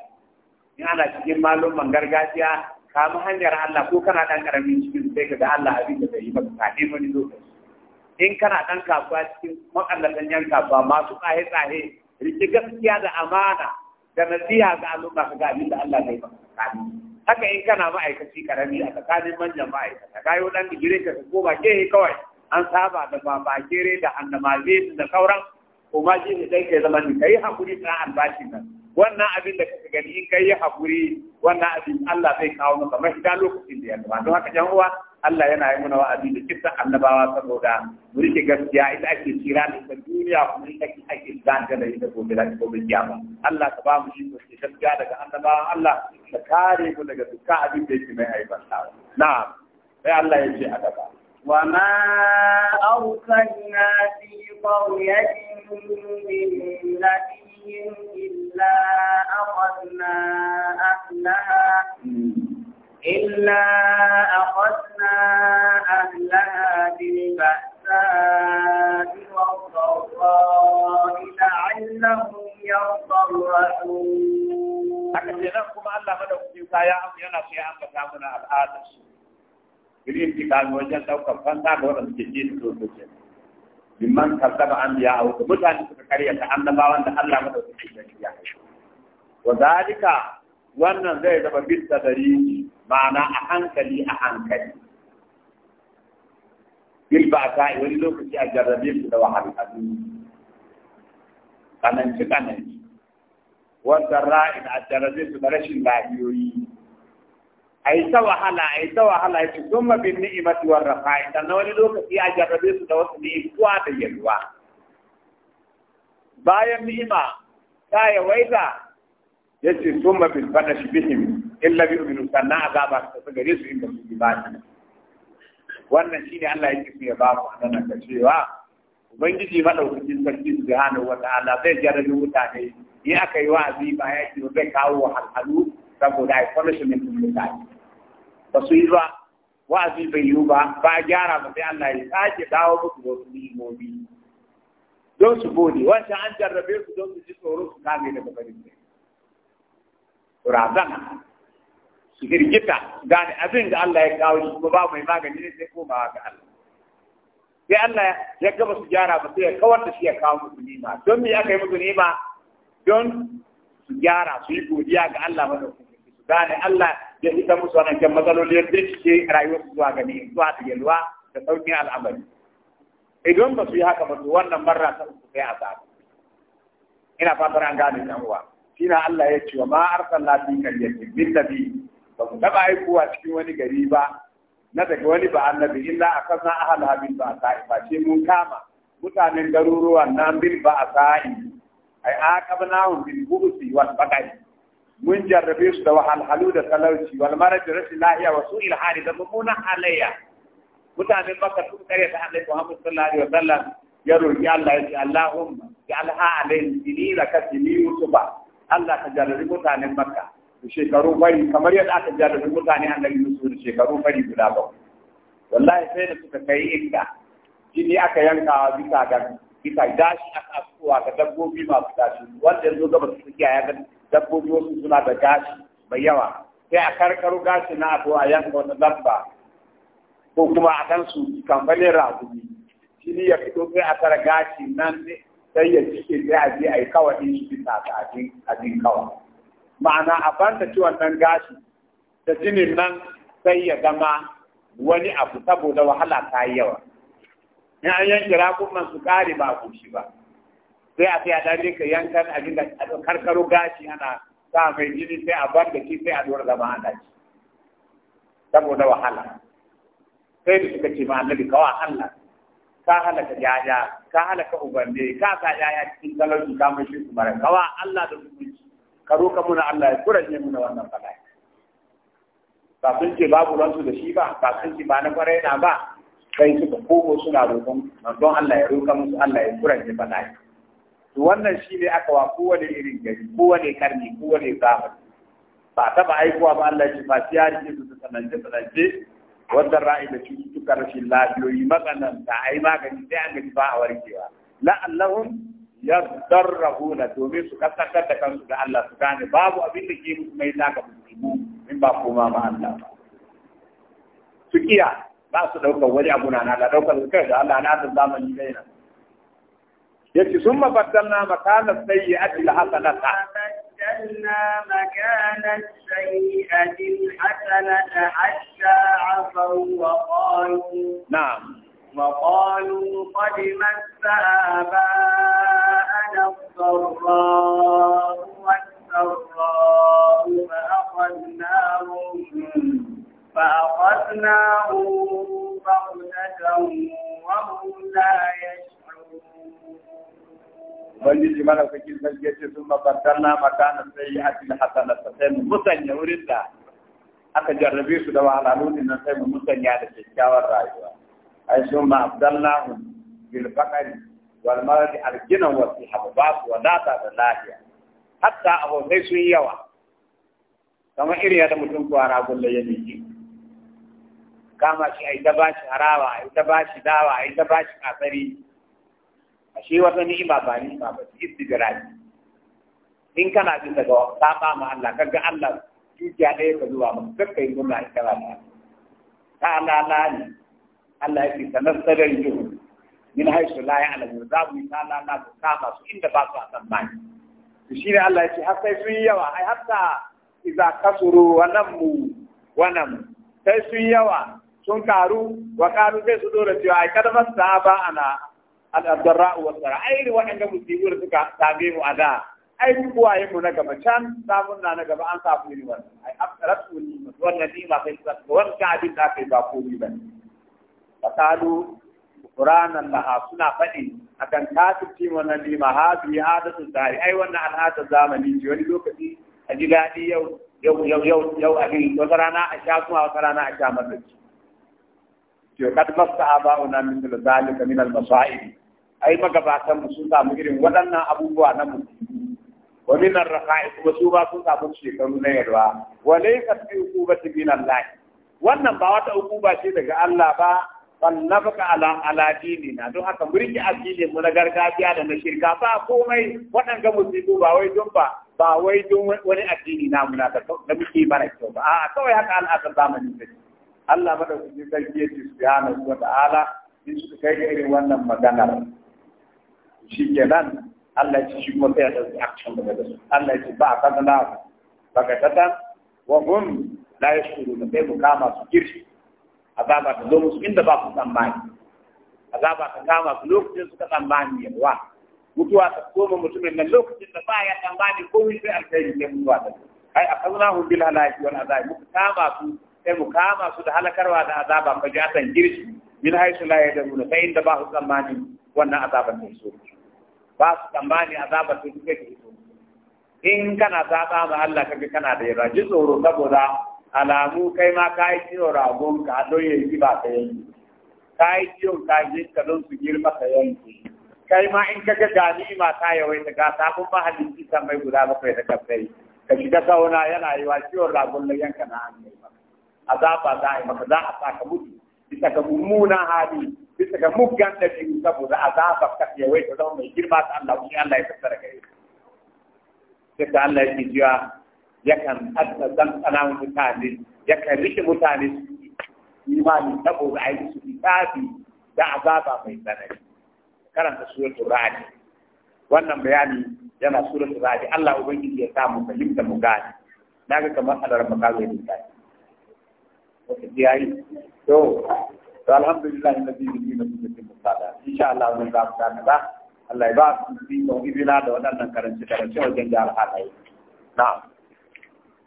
S2: ni ana cikin malumman gargajiya ka mu hanyar Allah ko kana dan karamin cikin sai ka ga Allah abin da bai yi maka kafin wani lokaci in kana dan kasuwa cikin makallatan yan kasuwa masu tsahe tsahe rike gaskiya da amana da nasiha ga al'umma ka ga abin da Allah bai maka kafin haka in kana ma'aikaci karami a tsakanin manyan ma'aikata kayo dan digirin ka ko ba ke kawai an saba da babakere da annamaze da sauran ko ma ji ne dai kai zaman kai hakuri tsara albashin nan wannan abin da kake gani in kai ya haƙuri wannan abin Allah zai kawo maka mafita lokacin da ya zama don haka jama'a Allah yana yi muna wa'azi da kisa annabawa saboda mu rike gaskiya ita ake kira da ita duniya kuma ita ake ake zanta da ita gobe da gobe kiyama Allah ka ba mu shi sosai gaskiya daga annabawa Allah ta kare mu daga dukkan abin da yake mai aibantawa na'am sai Allah ya ce a gaba وما
S1: أرسلنا في قرية من نبي إلا أخذنا أهلها بالبأساء والضراء لعلهم يضرعون Akan jelas kuma Allah pada ujung saya apa yang nasihat kepada anak
S2: Adam. Jadi kita mengajar tahu kapan tak boleh menjadi itu mimman kazzaba a aw mutane suka karya ta annabawan da Allah
S1: madaukakin sarki ya kashe
S2: wa zalika wannan zai zama bin sadari ma'ana a hankali a hankali bil ba'sa wani lokaci a jarrabe su da wahalhalu kananci kananci wanda ra'in a jarrabe su da rashin lafiyoyi ai ta wahala ai ta wahala ce kuma bin ni'imati war rafa'i dan wani lokaci a jarrabe su da wasu ni'imtuwa da yalwa bayan ni'ima ta yawaita ce kuma bin fadashi bihim illa bi uminu sanna azaba ta gare su inda su ba wannan shine Allah yake so ya ba mu nan ka cewa ubangiji madaukakin sarki subhanahu wa ta'ala zai jarrabe mutane a aka yi wa'azi ba ya ce zai kawo wahalhalu saboda yi punishment din mutane ba su yi ba wa'azi bai yiwu ba ba a gyara ba sai Allah ya sake dawo musu wasu ni'imomi don su gode wancan an jarrabe su don su ji tsoro su kame daga bari ne razana su girgita gane abin da Allah ya kawo shi kuma ba mai magani ne sai komawa ga Allah sai Allah ya gaba su gyara ba sai ya kawar da shi ya kawo musu nima don me aka yi musu nima don su gyara su yi godiya ga Allah madaukakin gane Allah ya isa musu wadancan matsaloli yadda suke rayuwar zuwa gani zuwa ta yalwa da sauƙin al'amari idan ba su yi haka ba to wannan marra ta uku sai ina fatar an gane dan uwa na Allah ya ce wa ma arsalna fi qaryatin min nabi ba mu taba aikowa cikin wani gari ba na daga wani ba annabi illa akasna ahla habin ba sa'i ba ce mun kama mutanen garuruwan nan bil ba sa'i ai aqabnahum bil bughsi wal baqai mun jarrabe su da wahalhalu da talauci wal marad da rashin lahiya wasu su'il da mummunan halayya mutanen makka sun kare ta annabi Muhammad sallallahu alaihi wasallam ya roki Allah ya ce Allahumma ja'alha alaihim sinina ka sini ba. Allah ka jarrabe mutanen makka shekaru bari kamar yadda aka jarrabe mutane annabi da shekaru bari guda bakwai wallahi sai da suka kai inda jini aka yanka bisa ga bisa dashi aka afkuwa ga dabbobi masu dashi wanda yanzu gaba su kiyaye dabbobi wasu suna da gashi mai yawa sai a karkaru gashi na abu a yanka wani lamba ko kuma a kan su kamfanin razumi shi ne ya fito sai a tara gashi nan sai ya cike sai a je a yi kawai shi bisa ta abin kawai ma'ana a banta ciwon nan gashi da jinin nan sai ya zama wani abu saboda wahala ta yi yawa in an yanke rakunan su kare ba a ba sai a sai a dan ka yankan abin da karkaro gashi ana sa mai jini sai a bar da shi sai a dora zama a daji. saboda wahala sai da suka ce ma annabi kawa Allah ka halaka jaja ka halaka ubande ka sa yaya cikin talauci ka mai shi su mara kawa Allah da zumunci ka roka muna Allah ya kura ne muna wannan fada ba sun ce babu ransu da shi ba ba sun ce ba na kwarai na ba sai suka kogo suna roƙon don Allah ya roka musu Allah ya kura ne fada bala'i to wannan shi ne aka wa kowane irin gari kowane karni kowane zamani ba taba aikuwa ba Allah shi ba ya rike su sanance sanance wanda ra'ayi da cututtuka rashin lafiyoyi da a yi magani sai an gaji ba a warkewa la'allahun yadarrahuna domin su kaskantar da kansu da Allah su gane babu abin da ke musu mai taka musulmi in ba koma ma Allah ba su kiya ba su ɗaukar wani abu na na ɗaukar kai da Allah na ta zamani daina. يكي summa baddalna مكان السيئة الحسنة
S1: بدلنا مكان السيئة الحسنة حتى عفوا وقالوا نعم وقالوا قد مس آباءنا الضراء والسراء فأخذناهم فأخذناهم بغتة وهم لا يشعرون
S2: ubangiji mana kakin sarki ya ce sun mabartarna makana sai a cikin hasana sai mu musanya wurin da aka jarrabe su da wahalalu ne nan sai mu musanya da kyakkyawar rayuwa ai sun ma abdallahu bil faqari wal maradi al gina wa sihab ba su wadata da lafiya hatta abokai sun yawa kamar irin yadda mutum kwana gulle ya miki kama shi ai ta bashi harawa ai ta bashi dawa ai ta bashi kasari ashe wata ni'ima ba ni'ima ba da istidraji in kana jin daga saba ma Allah kaga Allah dukiya ɗaya ka zuwa ka kai, murna da kana da ta na ne Allah ya ce sanar sadar juhu min haisu la alamu za mu ta lala su kama su inda ba su a tsammani to shi ne Allah ya ce har sai sun yi yawa ai hatta iza kasuru wa namu wa namu sai sun yawa sun karu wa karu sai su dora cewa ai kada ba ana al'adarra wa tsara ai waɗanda musibu da suka same mu a da ai kuwaye mu na gaba can samun na na gaba an samu ni wannan ai abdaratu ni wannan ni ma kai ta wannan abin da kai ba ko ni ba fatalu qur'anan laha suna faɗi akan tasirci wannan ni ma hadi hadatu dari ai wannan al'adar zamani ce wani lokaci a ji daɗi yau yau yau yau abin wata rana a sha kuma wata rana a sha mazaci to kad masta aba'una min zalika min al-masa'ib ai magabatan mu sun samu irin waɗannan abubuwa na musulmi wa min ar-rafa'i kuma ba sun samu shekaru na yarwa wa laysa fi uqubati min Allah wannan ba wata uquba ce daga Allah ba sallafaka ala ala dinina don haka murki addini mu na gargajiya da na shirka ba komai waɗanga musibu ba wai don ba ba wai don wani addini na na da muke mara kyau ba a'a kawai haka al'adar zamanin Allah madaukakin sarki ya ce subhanahu da ta'ala in suka kai ga irin wannan maganar shi kenan Allah ya ce shi kuma sai ya dauki action daga da su Allah ya ce ba a kasa na tata wa hum la da sai mu kama su kirshi ba ta zo musu inda ba ku tsammani A ba ta kama su lokacin suka tsammani yawa mutuwa ta koma mutumin nan lokacin da ba ya tsammani ko wani sai alkhairi ne mutuwa ta ai akhadnahum bil halaki wal azab muka kama su sai mu kama su da halakarwa da azaba ji asan girshi min haisu la dauna sai inda ba su tsammani wannan azaban ne su ba su tsammani azaban su duka ke so in kana saba ma Allah kake kana da yaba ji tsoro saboda alamu kai ma kai ciwo ragon ka don yayi ba ka yi kai ciwo ka ji ka don su girma ka yanki kai ma in ga ni ma ta yawaita ga sabon mahallin kisa mai guda bakwai da kafai ka shiga sauna yana yi wa ciwon ragon na yanka na hannu azaba za a yi maka za a saka mutu bisa ga mummuna hali bisa ga muggan biyu saboda azaba ka wai ta zama mai girma ta Allah wani Allah ya tattara gare ka sai ta Allah ya jiya yakan zan tsana mutane kan rike mutane su imani saboda a yi su tafi da azaba mai tsanani karanta suratul ra'd wannan bayani yana suratul ra'd Allah ubangiji ya samu fahimta mu gane naga kamar alar makazo ne yayi to to alhamdulillah alladhi bihi nabiyyu musada insha Allah mun ga ka ba Allah ya ba su bi to ibina da wadannan karanci karanci wajen jihar halaye na'am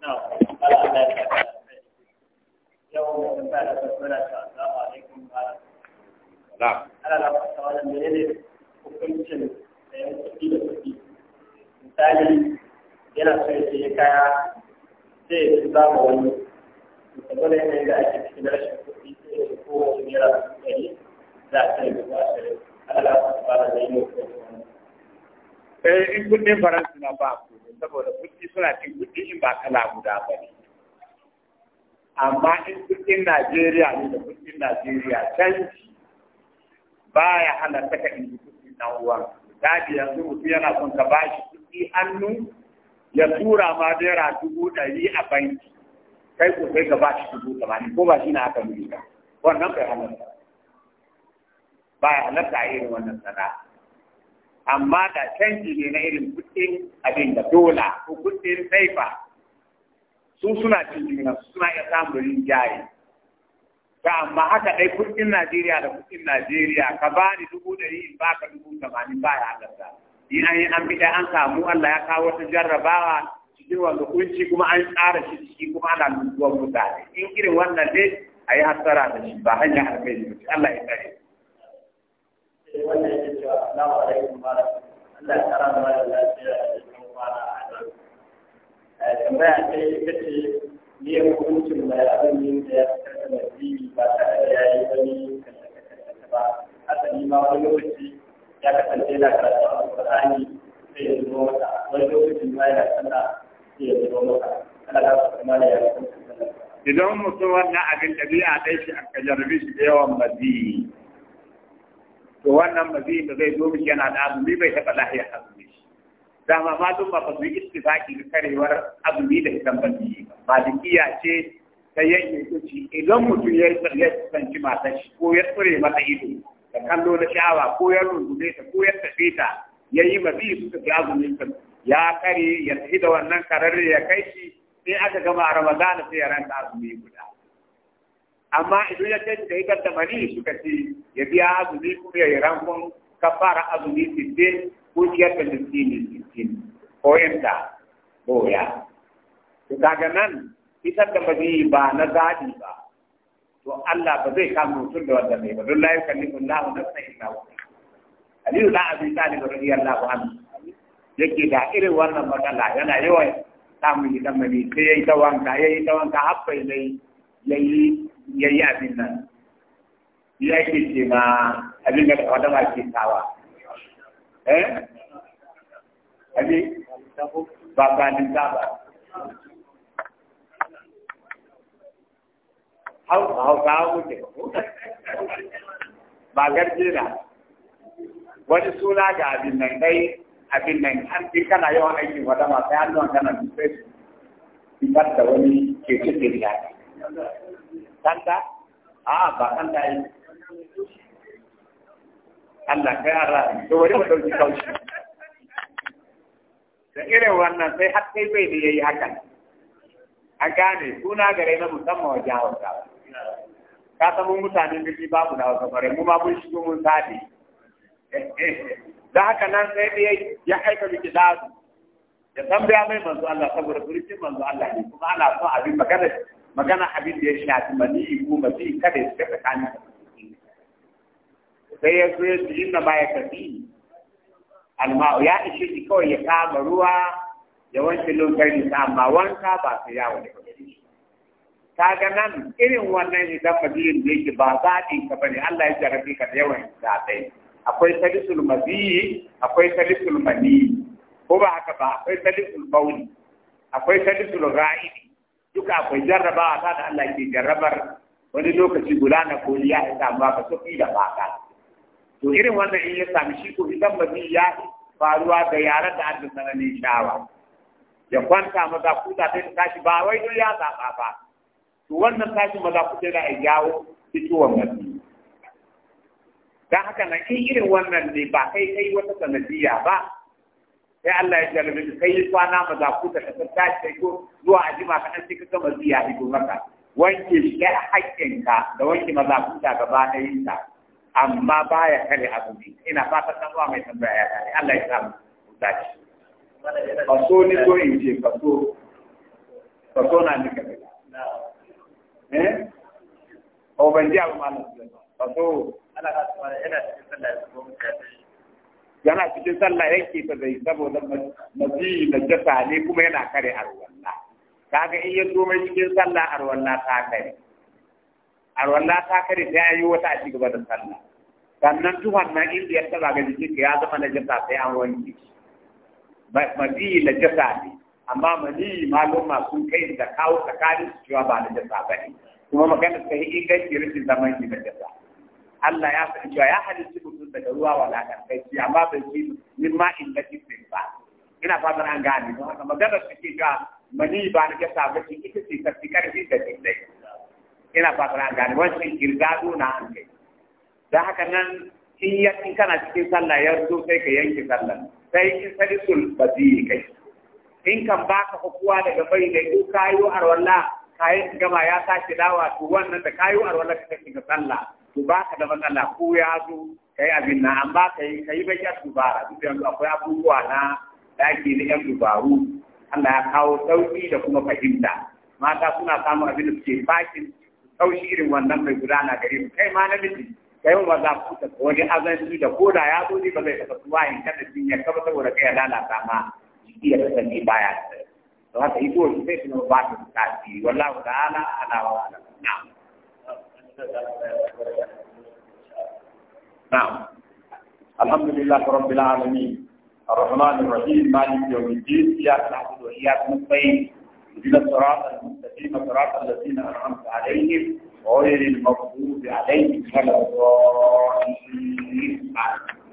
S1: na'am Allah ya ka yau mun fara da sura ta assalamu alaikum na'am Allah ya fara wannan menene
S2: hukuncin da ya kuɗi da kuɗi misali yana so ya kaya sai ya zama wani kuɗi ɗari za a eh, in faransu na ba ku saboda kuɗi suna cin kuɗi in ba kala guda ba ne amma in kuɗin Najeriya ne da kuɗin Najeriya canji ba ya hana saka in kuɗin na uwa daji yanzu mutum yana son ka shi hannu ya tura ma naira dubu ɗari a banki kai ko sai ka ba shi dubu tamanin ko ba shi na aka miji ba wannan kai halatta ba ya halatta a irin wannan sana'a amma da canji ne na irin kuɗin abin da dola ko kuɗin saifa su suna cikin nan suna iya samun jari. ta amma haka dai kuɗin Najeriya da kuɗin Najeriya ka ba ni dubu ɗari in ba ka dubu tamanin ba ya halarta ina an yi an bi an samu Allah ya kawo wata jarrabawa cikin wanda kunci kuma an tsara shi ciki kuma ana lutuwar mutane in irin wannan ne a yi hasara da shi ba hanyar yi ba Allah ya tsare ya ce Allah ya a ne mai da ya da ba ta ya yi wani ba asali ma lokaci ya kasance na karatu a Qur'ani sai ya zo wani lokacin Idan mutum wannan abin ɗabi'a ɗai shi aka jarabe shi da yawan mazi, to wannan mazi da zai zo mishi yana da azumi bai taɓa lahiyar azumi. Dama ma duk ba su yi istifaki da karewar azumi da hitan mazi ba. Malikiya ce ta yanke kuci idan mutum ya yi tsanci matar shi ko ya tsure mata ido da kallo na sha'awa ko ya rungume ta ko ya tafe ta ya yi mazi suka fi azumin ya kare ya tafi da wannan kararre ya kai shi sai aka gama a Ramadan sai ya ranka azumi guda amma idan ya ce da ita da mani suka ce ya biya azumi kuma ya yi rankon kafara azumi sittin ko ciyar da miskini sittin ko yanta boya to kaga nan fitar da ba na zaɓi ba to Allah ba zai kama mutum da wanda mai ba don la yukallifu Allahu sai illa wusaha Aliyu la abi talib radiyallahu anhu yake da irin wannan matsala yana yawan samun ita mani sai ya yi ta wanka ya yi ta wanka haɓɓai ya yi abin nan ya ke ce ma abin da kawai dama ke sawa eh abin ba ba ni ta ba hau hau ka hau ne ba garje na wani suna ga abin nan dai abin nan an in kana yawan aikin wadama sai an zuwa kana dutse su fitar da wani ke cikin ya kanta a ba kanta yi Allah kai ara to wani mu dauki kaushi da irin wannan sai har kai bai da yayi hakan a gane suna gare na musamman wajen hausawa ka san mun mutanen birni babu na hausa bare mu ma mun shigo mun sadi da haka nan sai da ya haifa miki lazu ya tambaya mai manzo Allah saboda birkin manzo Allah ne kuma ana son abin magana magana abin da ya shafi mani ko mafi kada ya shiga tsakanin sai ya zo ya ji inna ma ya kafi ya ishe shi kawai ya kama ruwa ya wanke lokar amma wanka ba sai ya wani kaga nan irin wannan idan fadilin da yake ba ɗinka ka ne, Allah ya jarabe ka da yawan zaɓe akwai salisul maziyi akwai salisul mani ko ba haka ba akwai salisul bauli akwai salisul ra'idi duka akwai jarrabawa ta da Allah ke jarrabar wani lokaci guda na koliya ya isa ba ka sofi da baka to irin wannan in ya sami shi ko idan mazi ya faruwa da yaran da an aka ne shawa ya kwanta maza kuta ta tashi ba wai don ya zaɓa ba to wannan tashi maza kuta da ya jawo fitowar mazi da haka na in irin wannan ne ba kai kai wata sanadiyya ba sai Allah ya jarabe ka kai kwana ma za ku ta tattaci sai ko zuwa ajima ka dan ka gama ziya ido maka wanke ya haƙƙinka da wanke mazakuta gaba ta amma baya kare azumi ina fatan dan uwa mai tambaya ya kare Allah ya samu ba kaso ni ko in ce na ni kabila eh? ko ban ji abu malam wato ana yana cikin sallah ya zo yana cikin sallah ke ta zai saboda mazi na jasa ne kuma yana kare arwalla kaga in ya zo mai cikin sallah arwalla ta kare arwalla ta kare ta yi wata a cigaba da sallah sannan tuhon nan inda ya taba ga jikin ya zama na jasa sai an wanke mazi na jasa ne amma mani malum masu kai da kawo tsakanin su cewa ba na jasa ba ne kuma magana ta yi inganci rashin zaman shi da jasa Allah ya san cewa ya halitta mutum daga ruwa wa walakantarci amma bai ci min ma gaji sai ba ina fatan an gane don haka magana ta ke ga mani ba na jasa ba Ki ita ce tafi karfi da dindai ina fatan an gane wancan kirgado na an kai don haka nan in ya in kana cikin sallah ya zo sai ka yanke sallah sai in sadisul badi kai in kan baka hukuwa daga bai da ko kayo arwallah kayan gama ya tashi dawa to wannan da kayo arwala ka take sallah to ba ka da matsala ko ya zo kai abin nan amma kai kai bai ya dubara duk yanzu akwai abubuwa na daki na yan dubaru Allah ya kawo sauki da kuma fahimta mata suna samun abin da suke bakin sauki irin wannan mai gudana gare mu kai ma namiji kai ba za ku ta wani azanci da koda ya zo ne ba zai taɓa tuwa in kada sun kaba ba saboda kai ya lalata ma jiki ya kasance baya da فهذا يقول كيف من بعض والله تعالى على نعم نعم الحمد لله رب العالمين الرحمن الرحيم مالك يوم الدين اياك نعبد واياك نستعين اهدنا الصراط المستقيم صراط الذين انعمت عليهم غير المغضوب عليهم ولا الضالين